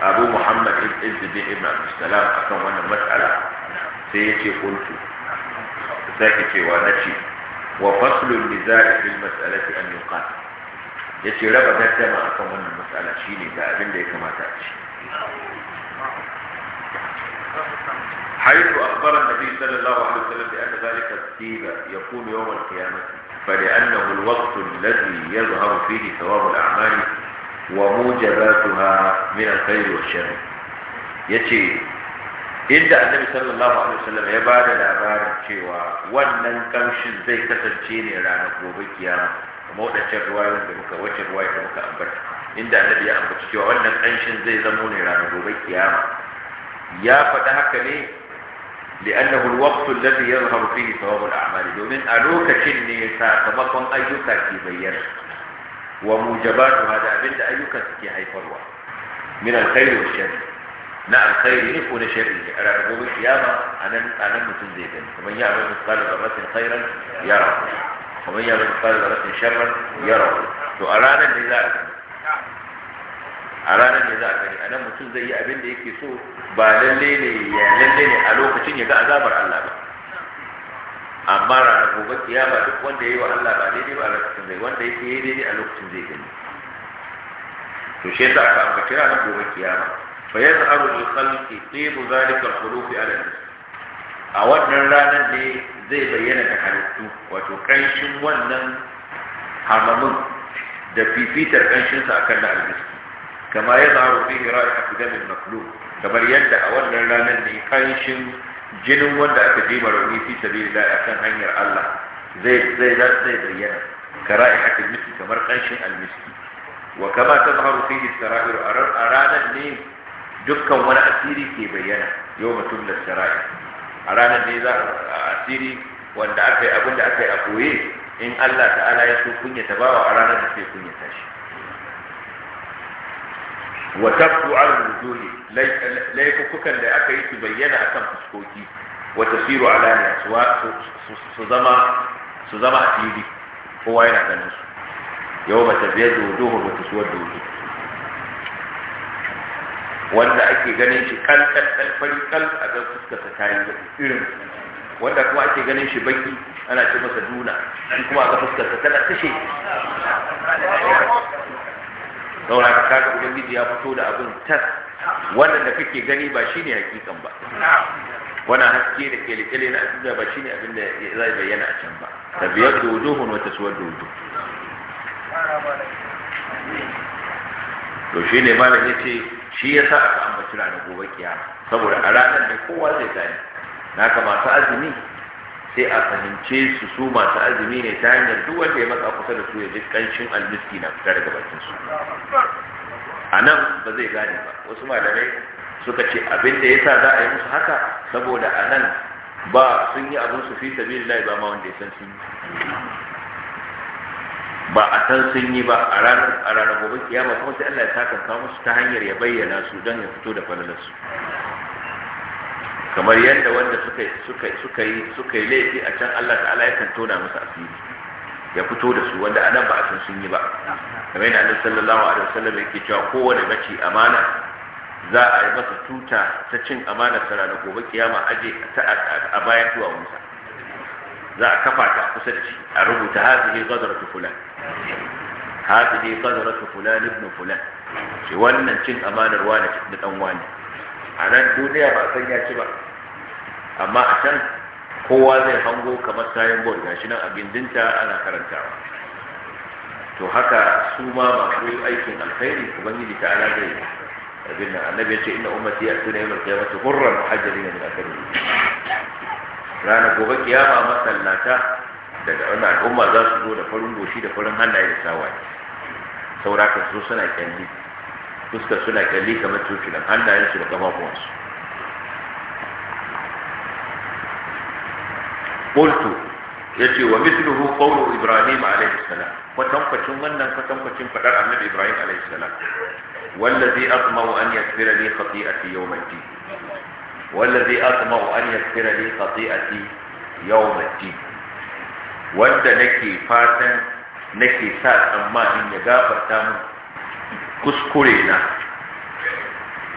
Speaker 1: abu muhammad ibn ibn abdussalam akan wannan matsala sai ya ce kuntu sake cewa na ce wa faslun nizari fil mas'alati an yuqat yace raba daddama akan wannan matsala shine ga abin da ya kamata a ci حيث أخبر النبي صلى الله عليه وسلم بأن ذلك الثيب يكون يوم القيامة فلأنه الوقت الذي يظهر فيه ثواب الأعمال وموجباتها من الخير والشر يتي إلا النبي صلى الله عليه وسلم يبعد الأبعد شيوا ونن كمشن زي كسر جيني على نقوب القيامة موت الشرواي ونبك وشرواي ونبك أبت إلا النبي أبت شيوا ونن كمشن زي زموني على نقوب القيامة يا فتحك ليه لأنه الوقت الذي يظهر فيه ثواب الأعمال دومين ألوك كني ساقبكم أيك كي بيّن وموجبات هذا أبن أيك كي فروة من الخير والشر
Speaker 2: نعم الخير
Speaker 1: نفو شر أنا أقول القيامة أنا أنا متن ومن يعمل مثقال ذرة خيرا يرى ومن يعمل مثقال ذرة شرا يرى سؤالان لذلك
Speaker 2: a ranar ne za a gani a nan
Speaker 1: mutum zai yi abin da yake so ba lalle ne ya lalle ne a lokacin ya ga azabar Allah ba amma ranar gobe kiyama duk wanda ya yi wa Allah ba daidai ba a lokacin zai wanda yake yi daidai a lokacin zai gani to shi yasa aka ambaci ranar gobe kiyama fa yazharu lil khalqi tibu zalika al khulufi ala a wannan ranar ne zai bayyana da halittu wato ƙanshin wannan hamamin da fifitar a kan na albiski kama ya zaru fihi ra'ihat damin maqlub kamar yadda a wannan ranar ne kanshin jinin wanda aka ji rauni fi sabilillah akan hanyar Allah zai zai zai bayyana ka ra'ihat almiski kamar kanshin almiski wa kama tazharu fihi sarair a ranar ne dukkan wani asiri ke bayyana yau mutum da sarair a ranar ne za a asiri wanda aka yi abin da aka yi a koye in Allah ta'ala ya so kunyata bawa a ranar da sai kunyata shi wa tabdu ala wujuhi laifukan da aka yi su bayyana akan fuskoki wa tasiru ala su zama su zama a fili kowa yana ganin su yau ba ta biyar da wujuhu ba ta suwar da wujuhu wanda ake ganin shi kan kan kan fari kal a ga fuskarsa ta yi irin wanda kuma ake ganin shi baki ana ce masa duna shi kuma a ga fuskarsa tana tashe saboda ka kaga ubangiji ya fito da abin tas wannan da kake gani ba shine hakikan ba wannan haske da ke likile na duniya ba shine abin da zai bayyana a can ba tabiyar da wujuhun wata suwar da
Speaker 2: to shine malam
Speaker 1: yace shi yasa aka ambaci ranar gobe kiyama saboda a ranar ne kowa zai gani naka masu azumi sai a fahimce su su masu azumi ne ta hanyar duk wanda ya matsa kusa da su ya ji kancin almiski na fita daga bakin su a nan ba zai gane ba wasu malamai suka ce abin da yasa za a yi musu haka saboda a nan ba sun yi abin su fi sabilillahi ba ma wanda ya san sun yi ba a san sun yi ba a ranar a ranar gobe kiyama kuma sai Allah ya saka musu ta hanyar ya bayyana su don ya fito da falalar su kamar yadda wanda suka suka suka yi suka yi laifi a can Allah ta'ala ya kan tona musu asiri ya fito da su wanda anan ba a san sun yi ba kamar yadda Annabi sallallahu alaihi wasallam yake cewa kowane mace amana za a yi masa tuta ta cin amana sara da gobe kiyama aje ta a bayan zuwa musa za a kafa ta kusa da shi a rubuta hazihi gadratu fulan hazihi gadratu fulan ibn fulan shi wannan cin amanar wani da dan wani a nan duniya ba san ya ci ba amma a can kowa zai hango kamar sayan bol gashi nan a gindinta ana karantawa to haka su ma masu aikin alkhairi ubangiji ta ala zai abin nan annabi ya ce inna ummati ya'tuna yawmal hurra hurran da min
Speaker 2: yi. ranar gobe kiyama masallata
Speaker 1: daga wani al'umma za su zo da farin goshi da farin hannaye da sawaye saura su suna kyalli fuskar suna kyalli kamar tutunan hannayensu da kafafuwansu qultu yace wa mithluhu qawlu ibrahim alayhi salam kwatankwacin wannan kwatankwacin fadar annabi ibrahim alayhi salam wallazi atma'u an yaghfira li khati'ati yawm ad-din wallazi atma'u an yaghfira li khati'ati yawm ad-din wanda nake fatan nake sa tsammanin ya gafarta min kuskure na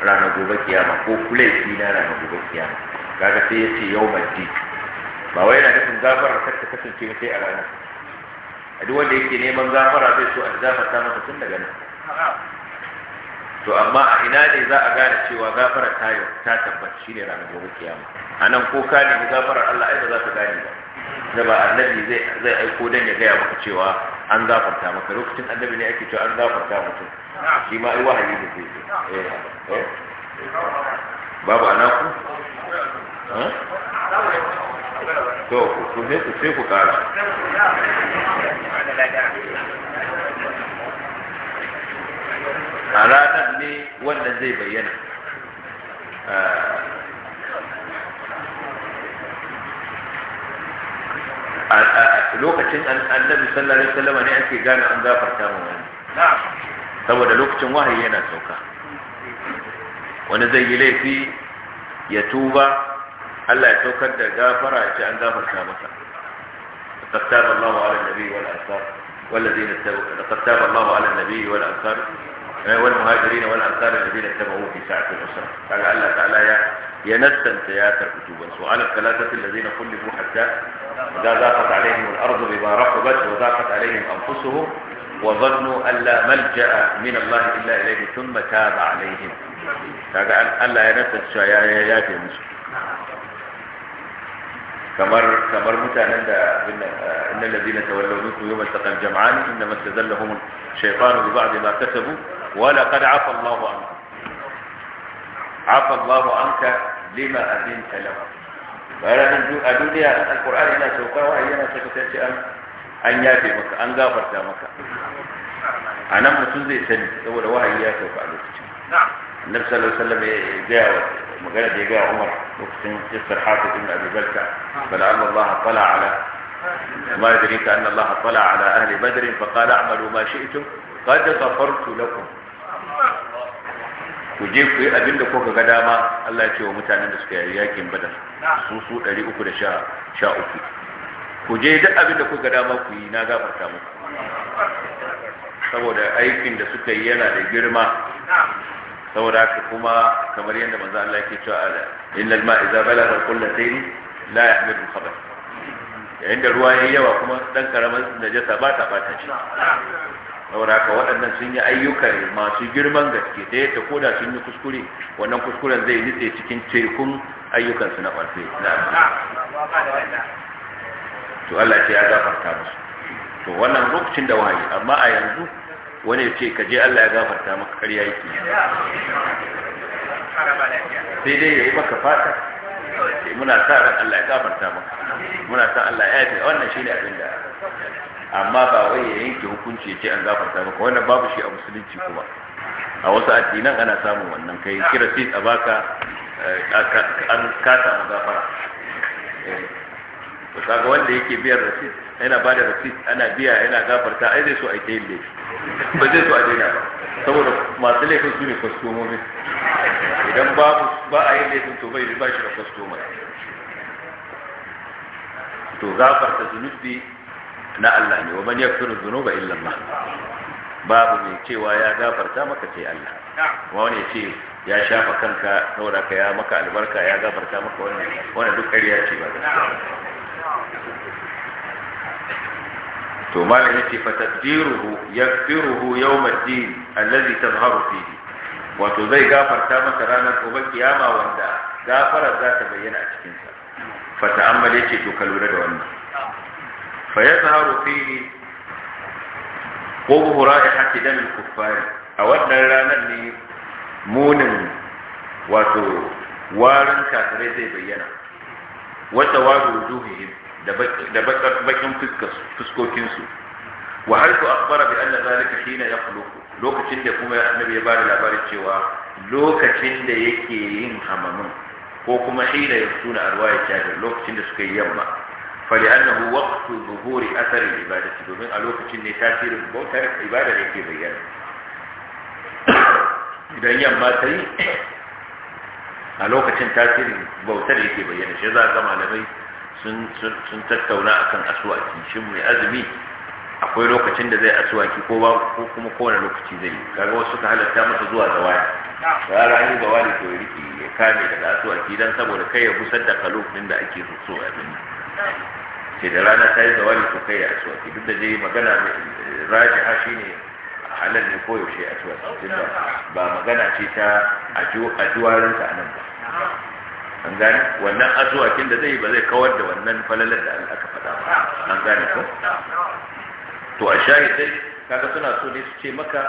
Speaker 1: ranar gobe kiyama ko kulaifi na ranar gobe sai yace ba wai yana nufin gafara kar ta kasance ba sai a ranar a duk wanda yake neman gafara zai so a gafarta masa tun daga nan to amma a ina ne za a gane cewa gafara ta ta tabbata shine ranar gobe kiyama nan ko ka nemi gafarar Allah ai ba za ka gane ba da ba annabi zai zai aiko dan ya gaya maka cewa an gafarta maka lokacin annabi ne ake cewa an gafarta mutum shi ma ai wahayi ne zai eh, eh
Speaker 2: babu anaku to ku je ku ku kara a ranar
Speaker 3: ne
Speaker 1: wannan zai bayyana a lokacin annabi sallallahu alaihi wasallam ne ake gane an gafarta mu wani saboda lokacin wahayi yana sauka wani zai yi laifi ya tuba Allah ya saukar da gafara ya ce an gafarta masa النبي taba Allahu 'ala an-nabi wal ansar والذين اتبعوا لقد تاب الله على النبي والانصار والمهاجرين والانصار الذين اتبعوه في ساعه الاسره قال الله تعالى يا ينسن سياسة كتوبا وعلى الثلاثة الذين خلفوا حتى إذا ضاقت عليهم الأرض بما رحبت وضاقت عليهم أنفسهم وظنوا أن لا ملجأ من الله إلا إليه ثم تاب عليهم هذا أن ينسى الشياء في مصر kamar kamar mutanen da innal ladina tawallaw minkum yawma taqal jam'an innama tazallahum shaytanu bi ba'd ma kasabu wa laqad 'afa Allahu anka 'afa Allahu anka lima adinta lahu bayanan a duniya alqur'ani yana saukawa yana sakatace an an yafe maka an gafarta maka anan mutum zai sani saboda wahayi ya sauka a lokacin na'am النبي صلى الله عليه وسلم يجاوب مجرد يجاء عمر يقسم يسر حاطب ابن ابي بلكع فلعل الله اطلع على ما يدري كان الله اطلع على اهل بدر فقال اعملوا ما شئتم قد غفرت لكم
Speaker 2: وجيب في ابن دكوك قداما
Speaker 1: الله يتشوى متعنا نسكي ياكين بدر سوسو الذي اكل شاء شاء اكي وجيد ابن دكوك قداما في ناقا فرتامو سبو دا ايكين دا سكي دا جرما saboda haka kuma kamar yadda manzo Allah yake cewa inna al-ma idza balagha qullatayn la yahmilu khabath
Speaker 2: yayin da ruwa yayi yawa
Speaker 1: kuma dan karaman najasa ba ta bata shi saboda haka waɗannan sun yi ayyuka masu girman gaske da yadda koda sun yi kuskure wannan kuskuren zai nitse cikin tekun ayyukan su na ƙarfi
Speaker 3: to Allah ya gafarta
Speaker 1: musu to wannan lokacin da wahayi amma a yanzu wani ya ce ka je Allah ya gafarta maka karya yake
Speaker 2: sai dai ya yi maka
Speaker 1: fata muna sa ran Allah ya gafarta maka muna sa Allah ya yafe wannan shi ne abin da amma ba wai ya yanke hukunci ya ce an gafarta maka wannan babu shi a musulunci kuma a wasu addinan ana samun wannan kai kira sai a baka eh, an kasa mu gafara eh, to kaga wanda yake biyar rasid yana ba da rasit. ana biya yana gafarta ai zai so a ta yin laifi ba zai so a daina ba saboda masu laifin su ne kwastomomi idan ba a yin laifin to bai ba shi da kwastoma
Speaker 2: to gafarta
Speaker 1: zunubi na Allah ne wa man yakfiru dhunuba illa
Speaker 2: Allah babu mai cewa ya
Speaker 1: gafarta maka sai Allah
Speaker 2: kuma wani ce ya shafa kanka saboda
Speaker 1: ka ya maka albarka ya gafarta maka wannan wannan duk ƙarya ce ba to malam yace fa taqdiruhu yaghfiruhu yawm ad-din alladhi tazharu fihi wato zai gafarta maka ranar gobe kiyama wanda gafara za ta bayyana a cikin sa fa yace to ka lura da wannan fa yazharu fihi qubu ra'ihati dam kuffar a wannan ranar ne munin wato warin kafirai zai bayyana wata waru wujuhihim da bakin fuskokinsu wa har ku akbara bi anna zalika hina yakhluqu lokacin da kuma annabi ya bada labarin cewa lokacin da yake yin hamamun ko kuma hina yasuna arwaya kafir lokacin da suka yi yamma fali annahu waqtu zuhuri athar ibadati domin a lokacin ne tasirin bautar ibada yake bayyana idan yamma ta yi a lokacin tasirin bautar yake bayyana shi za ga malamai sun tattauna akan aswaki shin mai azumi akwai lokacin da zai aswaki ko ko kuma kowane lokaci zai kaga wasu suka halatta masa zuwa zawali
Speaker 2: rara an yi wani
Speaker 1: to riki ya kame daga aswaki dan saboda kai ya busar da kalo din da ake so so a dani
Speaker 2: da rana ta yi wani to kai ya aswaki
Speaker 1: duk da dai magana rajiha shine halal ne ko yaushe aswaki ba magana ce ta ajuwarinsa a nan ba an gane wannan asuwakin da zai ba zai kawar da wannan falalar da aka faɗa ba an gane ko to a shahidai kaga suna so ne su ce maka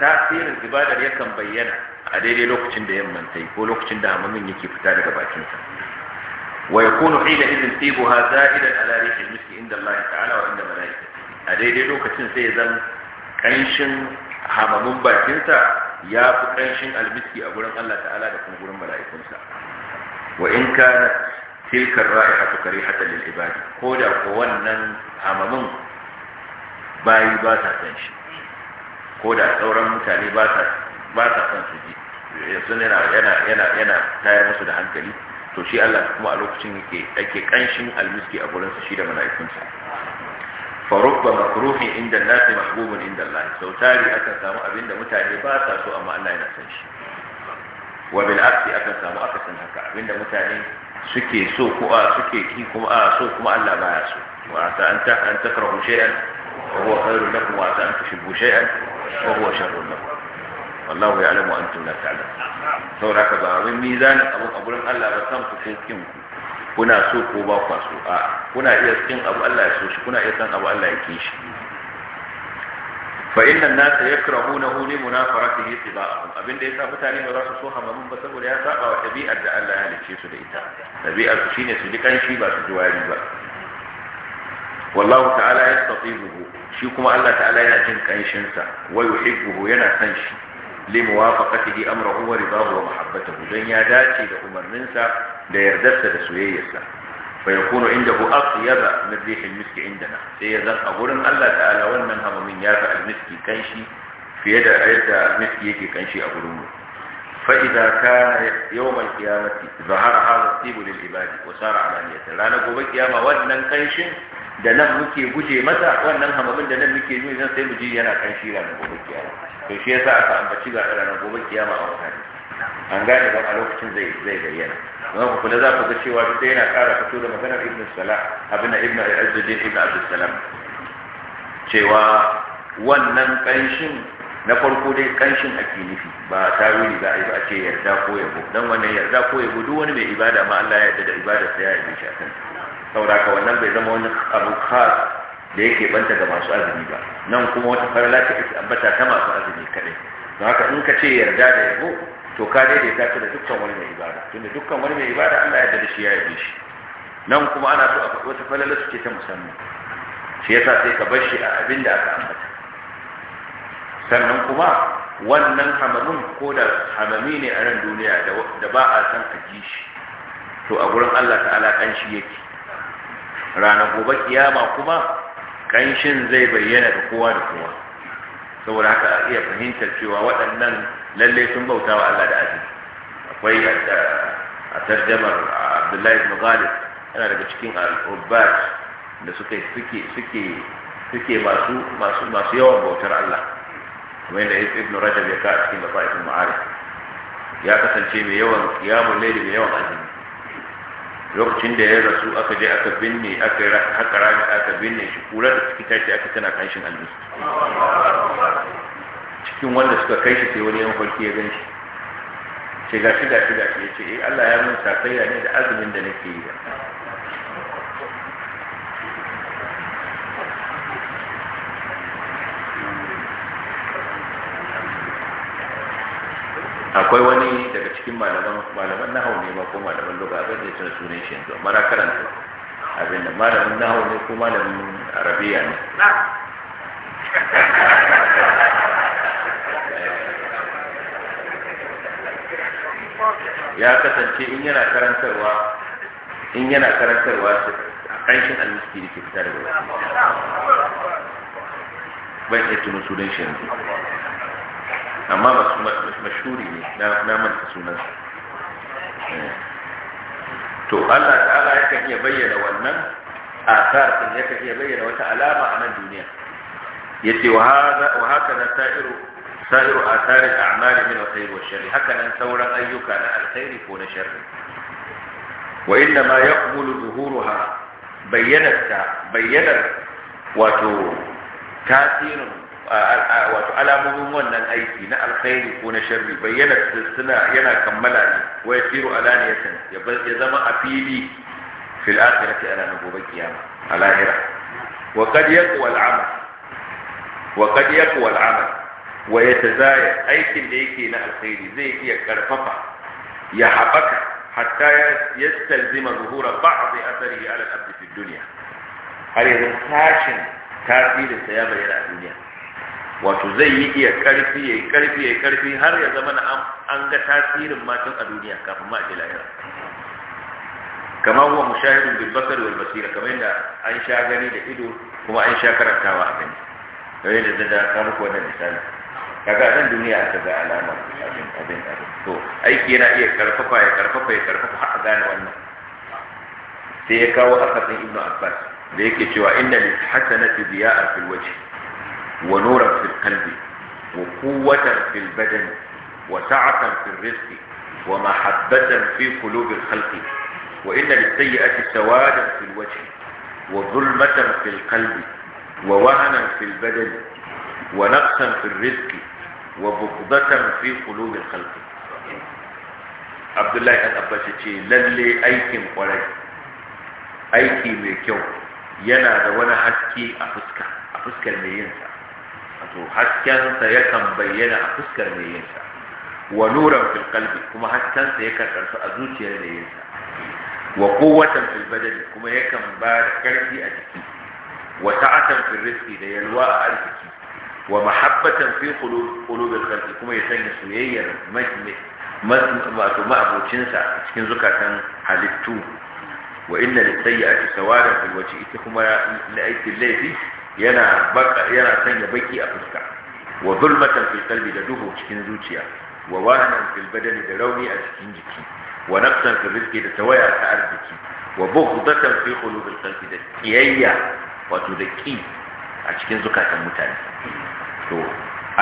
Speaker 1: tasirin ibadar yakan bayyana a daidai lokacin da yamman tai ko lokacin da hamamin yake fita daga bakinsa wa yakunu hina idin ha za'idan ala rihil miski inda Allah ta'ala wa inda malaikati a daidai lokacin sai zan kanshin hamamin bakinsa ya fi ƙanshin almiski a gurin Allah ta'ala da kuma gurin mala'ikunsa wa in kana tilkar ra'ihatu karihatan lil ibadi ko da ko wannan hamamin bayi ba sa san shi ko da sauran mutane ba sa ba sa san su ji sun yana yana yana yana tayar musu da hankali to shi Allah kuma a lokacin yake ake ƙanshin almiski a gurin shi da mala'ikunsa farubba makruhin inda nasi mahbubun inda Allah sau tari aka samu abin da mutane ba sa so amma Allah yana son shi wa bil aksi samu aka haka abin mutane suke so a suke ki kuma a so kuma Allah baya so wa asa an ta an takrahu shay'an wa huwa khairun lakum wa asa an tushibbu shay'an wa huwa sharrun lakum wallahu ya'lamu antum la ta'lamun saboda haka ba wani Allah ba ku kuna so ko ba kwa so a kuna iya kin abu Allah ya so shi kuna iya san abu Allah ya ki shi fa inna an-nas yakrahunahu li munafaratihi tibahum abinda yasa mutane ba za su so hamamun ba saboda ya saba wa tabi'ar da Allah ya halice su da ita tabi'ar su shine su ji kanshi ba su ji wari ba wallahu ta'ala yastatibuhu shi kuma Allah ta'ala yana jin kanshin sa wa yuhibbuhu yana san shi limuwafaqatihi amrahu wa ridahu wa mahabbatahu dan ya dace da umarninsa da yardarsa da soyayyarsa fa yakunu indahu atyaba min rihil miski indana sai ya zan a gurin Allah ta'ala wannan hamamin ya fi almiski kanshi fiye da yadda almiski yake kanshi a gurin mu fa idza kana yawm alqiyamati zahara hadha tibu lil ibadi wa sara alaniyatan ranar gobe kiyama wannan kanshin da nan muke guje masa wannan hamamin da nan muke yi zan sai mu ji yana kan shi ranar gobe kiyama to shi yasa aka ambaci ga ranar gobe kiyama a wata an gane don a lokacin zai zai bayyana don ku kula za ku ga cewa duk da yana ƙara fito da maganar ibn salah abin da ibn al-azdin ibn abdussalam cewa wannan kanshin na farko dai kanshin ake nufi ba tawili za a yi ba a ce yarda ko yabo dan wannan yarda ko yabo duk wani mai ibada ma Allah ya yarda da ibada sai ya yi shi akan saboda ka wannan bai zama wani abu khas da yake banta ga masu azumi ba nan kuma wata farala ce ake ambata ta masu azumi kaɗai don haka in ka ce yarda da yabo to ka daidaita ta da dukkan wani mai ibada tunda dukkan wani mai ibada Allah ya yarda shi ya yabe shi nan kuma ana so a faɗi wata falala suke ta musamman shi yasa sai ka bar shi a abin da aka ambata sannan kuma wannan hamamin ko da hamami ne a ran duniya da ba a san a ji shi to a gurin Allah ta'ala kanshi yake ranar gobe kiyama kuma kanshin zai bayyana da kowa da kowa saboda haka a iya fahimtar cewa waɗannan lalle sun bauta wa Allah da aji. akwai a tarjamar Abdullahi ibn Ghalib yana daga cikin al-Ubbat da suke suke suke suke masu masu masu yawan bautar Allah kuma yadda Ibn Rajab ya ka a cikin Mafatul Ma'arif ya kasance mai yawan qiyamul layli mai yawan azumi lokacin da ya rasu aka je aka binne aka haka rami aka binne shi kura da ciki tashi aka tana kanshin almisu cikin wanda suka kai shi sai wani yan farki ya gan shi ce ga shi ga shi ga shi ya ce eh Allah ya mun sakayya ne da azumin da nake yi
Speaker 2: akwai wani
Speaker 1: cikin malaman malaman nahawu ne ma ko malaman lugha ba ne suna sunan shi yanzu amma karanta abin da malamin nahawu ne ko malamin arabiya ne
Speaker 2: ya kasance
Speaker 1: in yana karantarwa in yana karantarwa a ƙanshin almiski da ke fita daga
Speaker 2: wasu ban iya tunu sunan shi yanzu اما
Speaker 1: مش مشهوري لا لا من سنن تو الله تعالى يكن يبين ولنا اثار يكن يبين وتا علامه على الدنيا يتي وهذا وهكذا سائر سائر اثار الاعمال من الخير والشر هكذا ثورا ايك على الخير كون شر وانما يقبل ظهورها بينت بينت وتو تاثير wato alamomin wannan aiki na alkhairi ko na sharri bayyana suna yana kammala ne wa yasiru alaniyatan ya zama a fili fil akhirati ala gobe kiyama a lahira wa qad yaqwa al'amal wa qad yaqwa al'amal wa yatazaya aikin da yake na alkhairi zai iya karfafa ya habaka hatta yastalzima zuhura ba'd atharihi ala al-abd fi ad-dunya har yanzu tashin tasirin sa ya bayyana a duniya
Speaker 2: wato zai yi iya
Speaker 1: karfi ya yi karfi ya yi karfi har ya zama na an ga tasirin matan a duniya kafin ma a ji lahira kama huwa mushahidun bin bakar wal basira kamar yadda an sha gani da ido kuma an sha karantawa a gani kama yadda da ka muku wannan misali kaga a duniya a ga alama abin abin abin to aiki yana iya karfafa ya karfafa ya karfafa har a gane wannan sai ya kawo akasin ibnu abbas da yake cewa inna lil hasanati diya'an fil wajh ونورا في القلب وقوة في البدن وسعة في الرزق ومحبة في قلوب الخلق وإن للسيئة سوادا في الوجه وظلمة في القلب ووهنا في البدن ونقصا في الرزق وبغضة في قلوب الخلق عبد الله بن عباس ce للي aikin kwarai أيكي ميكيو ينا yana حسكي wani haske الميينسا to haskensa yakan bayyana a fuskar mai yinsa wa nuran fil qalbi kuma haskensa yakan karsu a zuciyar mai yinsa wa quwwatan fil badani kuma yakan ba da karfi a jiki wa ta'atan fil rizqi da yalwa a arziki wa mahabbatan fi khalqi kuma ya sanya soyayyar majlis wato cikin zukatan halittu wa inna lis sayyi'ati sawadan fil wajhi ita kuma na aikin laifi yana sanya baki a fuska wa zulmatan fil qalbi da duhu cikin zuciya wa wahanan fil badani da rauni a cikin jiki wa nafsan fil rizqi da tawaya ta arziki wa bughdatan fi qulubil qalbi da kiyayya wato da ki a cikin zukatan mutane to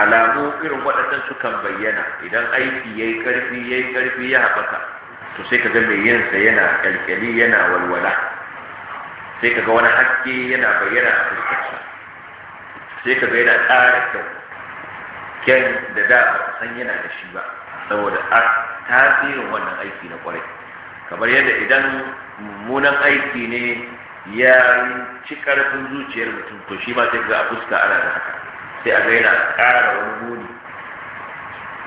Speaker 1: alamu irin waɗannan sukan bayyana idan aiki yayi karfi yayi karfi ya haɓaka to sai ka ga mai yinsa yana kalkali yana walwala sai kaga wani haske yana bayyana a fuskarsa sai kaga yana ƙara kyau kyan da da ba san yana da shi ba saboda a tasirin wannan aiki na kwarai kamar yadda idan mummunan aiki ne ya ci karfin zuciyar mutum to shi ma sai ga a fuska ana da haka sai a ga yana ƙara wani muni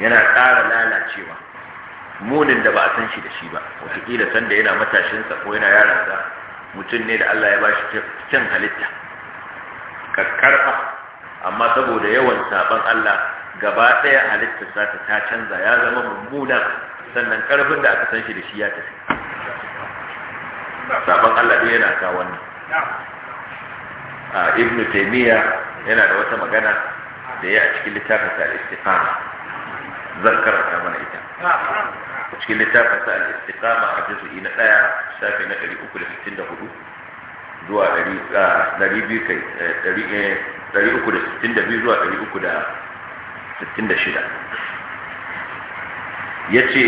Speaker 1: yana ƙara lalacewa munin da ba a san shi da shi ba wataƙila sanda yana matashinsa ko yana yaransa mutum ne da Allah ya ba shi kyan halitta kakkarfa amma saboda yawan saban Allah gaba ɗaya halittar sa ta canza ya zama mummuna sannan karfin da aka san shi da shi ya tafi
Speaker 2: saban Allah ɗaya yana ka
Speaker 1: wannan a ah, ibn taymiya yana da wata magana da ya a cikin littafin sa al zan karanta mana ita a cikin littafin sa al-istiqama a juz'i na 1 safi na 364 zuwa 362 eh, eh, zuwa 366 yace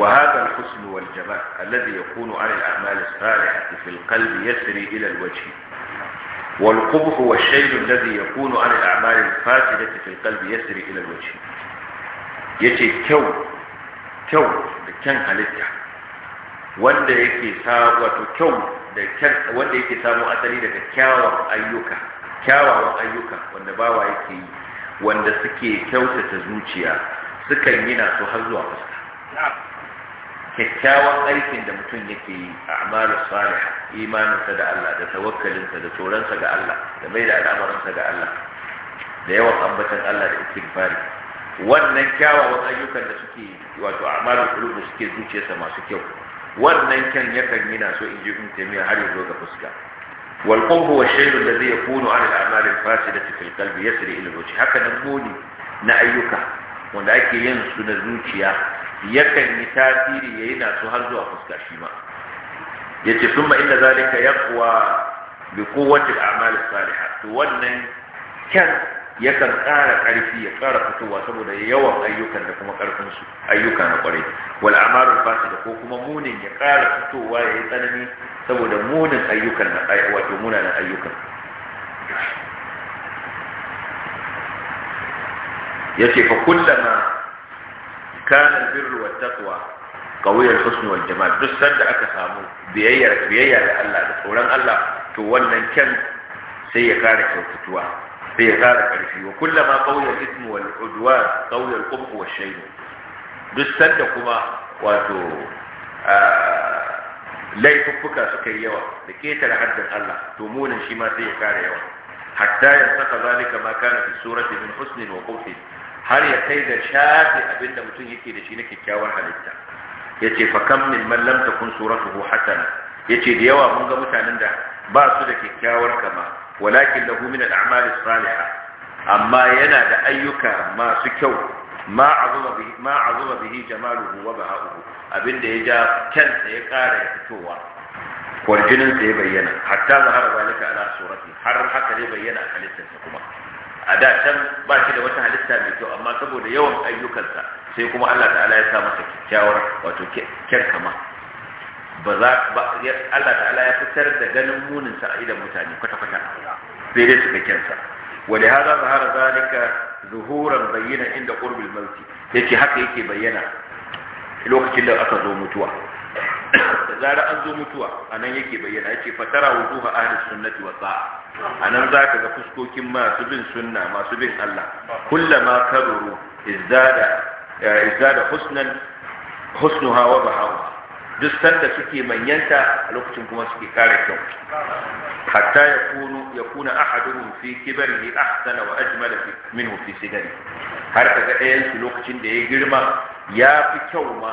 Speaker 1: wa hadha al-husn wal jamal alladhi yakunu 'ala al-a'mal as-salihati fi al-qalbi yasri ila al-wajh والقبح والشيء الذي يكون عن الأعمال الفاسدة في القلب يسري إلى الوجه يتي كو kyau da kyan halitta wanda yake sa wato kyau da kyan wanda yake samu asali daga kyawawan ayyuka kyawawan ayyuka wanda bawa yake yi wanda suke kyautata zuciya sukan yi na su har zuwa fuska kyakkyawan aikin da mutum yake yi a amara salih imaninsa da Allah da tawakkalinsa da tsoronsa ga Allah da mai da al'amuransa ga Allah da yawan ambatan Allah da fari wannan kyawawan ayyukan da suke wato Amalu qulub da suke zuciyarsa masu kyau wannan kyan yakan yi na so in ji in taimiyya har ya zo ga fuska wal qawhu wa shay'un alladhi yakunu 'ala al-a'mal al-fasidati fil qalbi yasri ila al-wajh haka nan muni na ayyuka wanda ake yin su na zuciya yakan yi tasiri yayi na so har zuwa fuska shi ma yace thumma inna zalika yaqwa bi quwwati al-a'mal as-salihah to wannan kyan yakan ƙara ƙarfi ya ƙara fitowa saboda yawan ayyukan da kuma ƙarfin su ayyuka na ƙwarai wal amaru fasid ko kuma munin ya ƙara fitowa ya yi tsanani saboda munin ayyukan na wato munanan ayyukan Ya ce fa kullama kana albirru wat taqwa qawiyul husn wal jamal duk sanda aka samu biyayya biyayya da Allah da tsoron Allah to wannan kyan sai ya ƙara kyautatuwa sai ya ƙara ƙarfi wa kullama ƙauyar ismu wal udwan qawla al wa duk sanda kuma wato laifuffuka suka yi yawa da ketare haddin Allah to munin shi ma sai ya ƙara yawa hatta yansaka zalika ma kana fi surati min husnin wa har ya kai da shafi abinda mutum yake da shi na kyakkyawar halitta yace fa kam min man lam takun suratuhu hasana yace da yawa mun ga mutanen da ba su da kyakkyawar kama walakin lahu min al-a'mal amma yana da ayyuka masu kyau ma azuma bihi ma azuma bihi jamaluhu abinda ya ja kansa ya kara fitowa kwarjinin sa ya bayyana hatta zahara zalika ala surati har haka ne bayyana a kuma a da can ba shi da wata halitta mai kyau amma saboda yawan ayyukansa sai kuma Allah ta'ala ya sa masa kyakkyawar wato kyan kama ba za ba Allah ta'ala ya fitar da ganin munin sa a idan mutane kwata kwata sai dai su ga kyansa wa da hada zahara zalika zuhuran bayyana inda qurbil mauti yake haka yake bayyana lokacin da aka zo mutuwa Da zara an zo mutuwa anan yake bayyana yace fatara wuduha ahli sunnati wa sa'a anan zaka ga fuskokin masu bin sunna masu bin Allah kullama karuru izdada eh, izdada husnan husnuha wa bahawa duk sanda suke manyanta a lokacin kuma suke kare kyau hatta ya kunu ya kuna ahaduhum fi kibarihi ahsana wa ajmala minhu fi sigari har kaga ɗayan su lokacin da ya girma ya fi kyau ma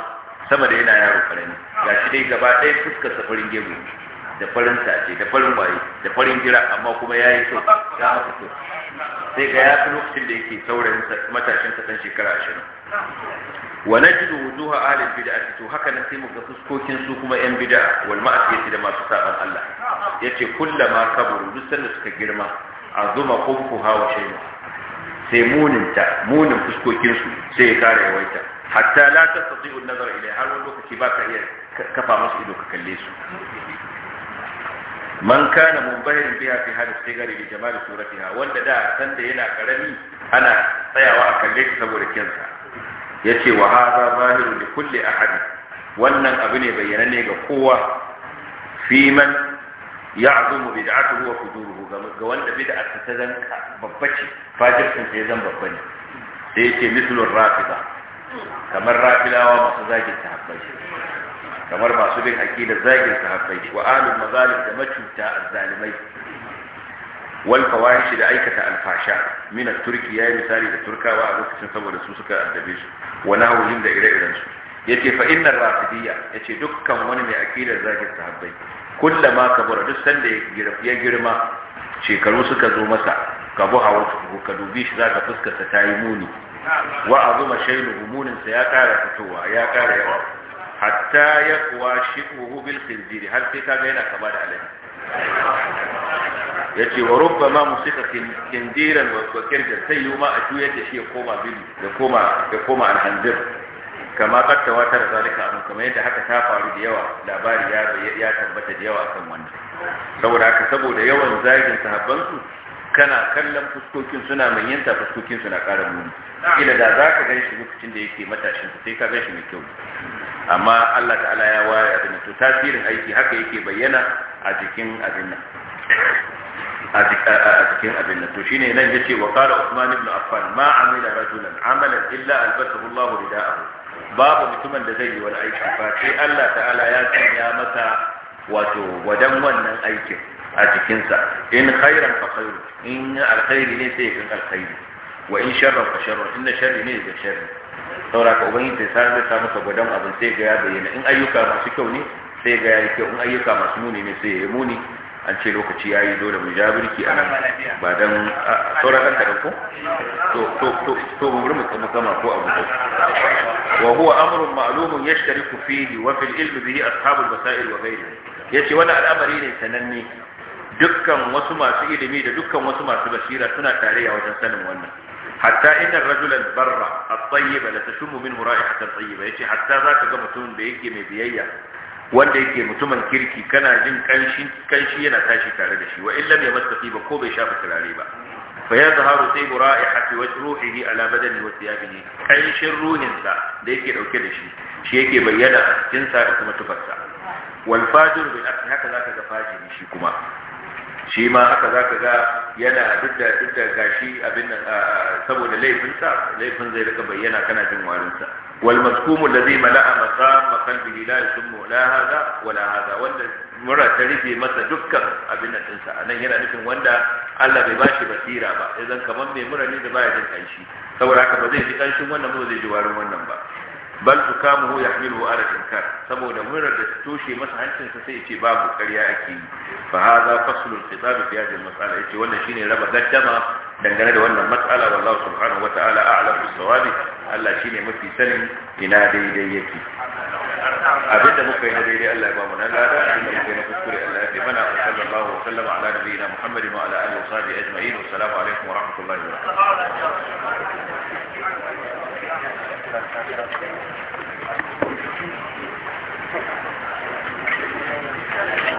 Speaker 1: sama da yana yaro karami ga shi dai gaba ɗaya fuskar sa farin gebu da farin tace da farin waye da farin jira, amma kuma yayi kyau ya masa kyau sai ga ya fi lokacin da yake saurayin matashin sa dan shekara ashirin. wa najidu wujuha ahli bid'ati to haka nan sai muka fuskokin su kuma yan bid'a wal ma'asiyati da masu saban Allah yace kullama kaburu duk sanda suka girma azuma qumfuha wa shayma sai ta munin fuskokin su sai ya kare yawaita hatta la tastati'u an-nazar har wani lokaci ba ka iya kafa musu ido ka kalle su
Speaker 2: man kana
Speaker 1: munbahirin biha fi hadis sigari bi jamal suratiha wanda da sanda yana karami ana tsayawa a kalle saboda kinsa Ya ce wa hadha zahiru kulle a ahad wannan abu ne bayyananne ga kowa fi man ya'zumu bid'atuhu wa fuduruhu ga wanda bid'atu ta zan babba ce fajircin ya zan babba ne sai ya yace mislur rafida kamar rafidawa masu zagin sahabbai kamar masu bin aqidar zagin sahabbai wa ahlul mazalim da macuta zalimai. wal fawahish da aikata alfasha min turki yi misali da turkawa a lokacin saboda su suka addabe su wa nahwin da ire-iren su yace fa innar rafidiyya yace dukkan wani mai akidar zagin sahabbai kullama kabura duk sanda ya girma shekaru suka zo masa kabu a wasu ka dubi shi zaka fuskarsa ta yi muni wa azuma shaylu ya kara fitowa ya kara yawa hatta kuwa shi bil khinziri har sai kaga yana kama da alai
Speaker 2: ya ce wa rubba ma
Speaker 1: musika kindiran wa da sai yi ma a juyar da shi ya koma bin da koma da alhanzir kama kattawa ta da zalika abin kama yadda haka ta faru da yawa labari ya tabbata da yawa akan wannan saboda haka saboda yawan zagin sahabbansu kana kallon fuskokin suna manyanta fuskokin suna ƙara muni kila da za ka gan shi lokacin da yake matashin sai ka gan shi mai kyau amma Allah ta'ala ya ware abin to tasirin aiki haka yake bayyana a jikin abin nan
Speaker 2: a jikin abin nan to shine nan yace
Speaker 1: wa qala Usman ibn Affan ma amila rajulan amalan illa albasahu Allah ridaahu babu mutumin da zai yi wani aiki fa sai Allah ta'ala ya sanya masa wato wajen wannan aikin a jikinsa in khairan fa khairu in alkhairi ne sai kan alkhairi wa in sharra fa sharra inna sharri ne da sharri saboda ka ubangiji sai sai sa maka gwadon abin sai ga ya bayyana in ayyuka masu kyau ne sai ga yi kyau in ayyuka masu muni ne sai yi muni an ce lokaci yayi dole mu ja birki anan ba dan saura kanka da ko to to to to mu mu kuma kama ko abu
Speaker 2: ko wa
Speaker 1: huwa amrun ma'lumun yashtariku fihi wa fil ilmi bihi ashabul basail wa ghayrihi yace wani al'amari ne sananne dukkan wasu masu ilimi da dukkan wasu masu basira suna tare a wajen sanin wannan hatta inna ar-rajul al-barra at-tayyib la tashum minhu ba tayyiba yace hatta zaka ga mutumin da yake mai biyayya wanda yake mutumin kirki kana jin kanshi kanshi yana tashi tare da shi wa illam yamassa ba ko bai shafa turare ba fa yadhharu tayyibu ra'ihati wa ruhihi ala badani wa thiyabihi kanshin ruhinsa da yake ɗauke da shi shi yake bayyana a cikin sa da kuma tufarsa wal fajir bil akhi haka zaka ga fajiri shi kuma shi ma haka za ka ga yana duk da duk da gashi abin nan saboda laifinsa laifin zai rika bayyana kana jin warinsa
Speaker 2: wal maskumu alladhi mala'a
Speaker 1: maqama qalbihi la yusmu la hadha wala hadha wanda mura ta rufe masa dukkan abin nan dinsa anan yana nufin wanda Allah bai bashi basira ba idan kaman mai mura ne da baya jin kanshi saboda haka ba zai ji kanshin wannan ba zai ji warin wannan ba bal tukamuhu yahmiluhu ala inkar saboda murar da ta toshe masa hancin sa sai ce babu ƙarya ake yi fa hadha faslul khitab fi hadhihi al-mas'ala yace wannan shine raba gaddama dangane da wannan mas'ala wallahu subhanahu wa ta'ala a'lamu bis-sawabi Allah shine mafi sanin ina daidai yake abinda muka yi na daidai Allah ya ba mu na lada inda muka yi na kuskure Allah ya fi mana wa sallallahu wa sallama ala nabiyyina Muhammadin wa ala alihi wa sahbihi ajma'in wa assalamu alaikum wa rahmatullahi wa
Speaker 2: barakatuh करता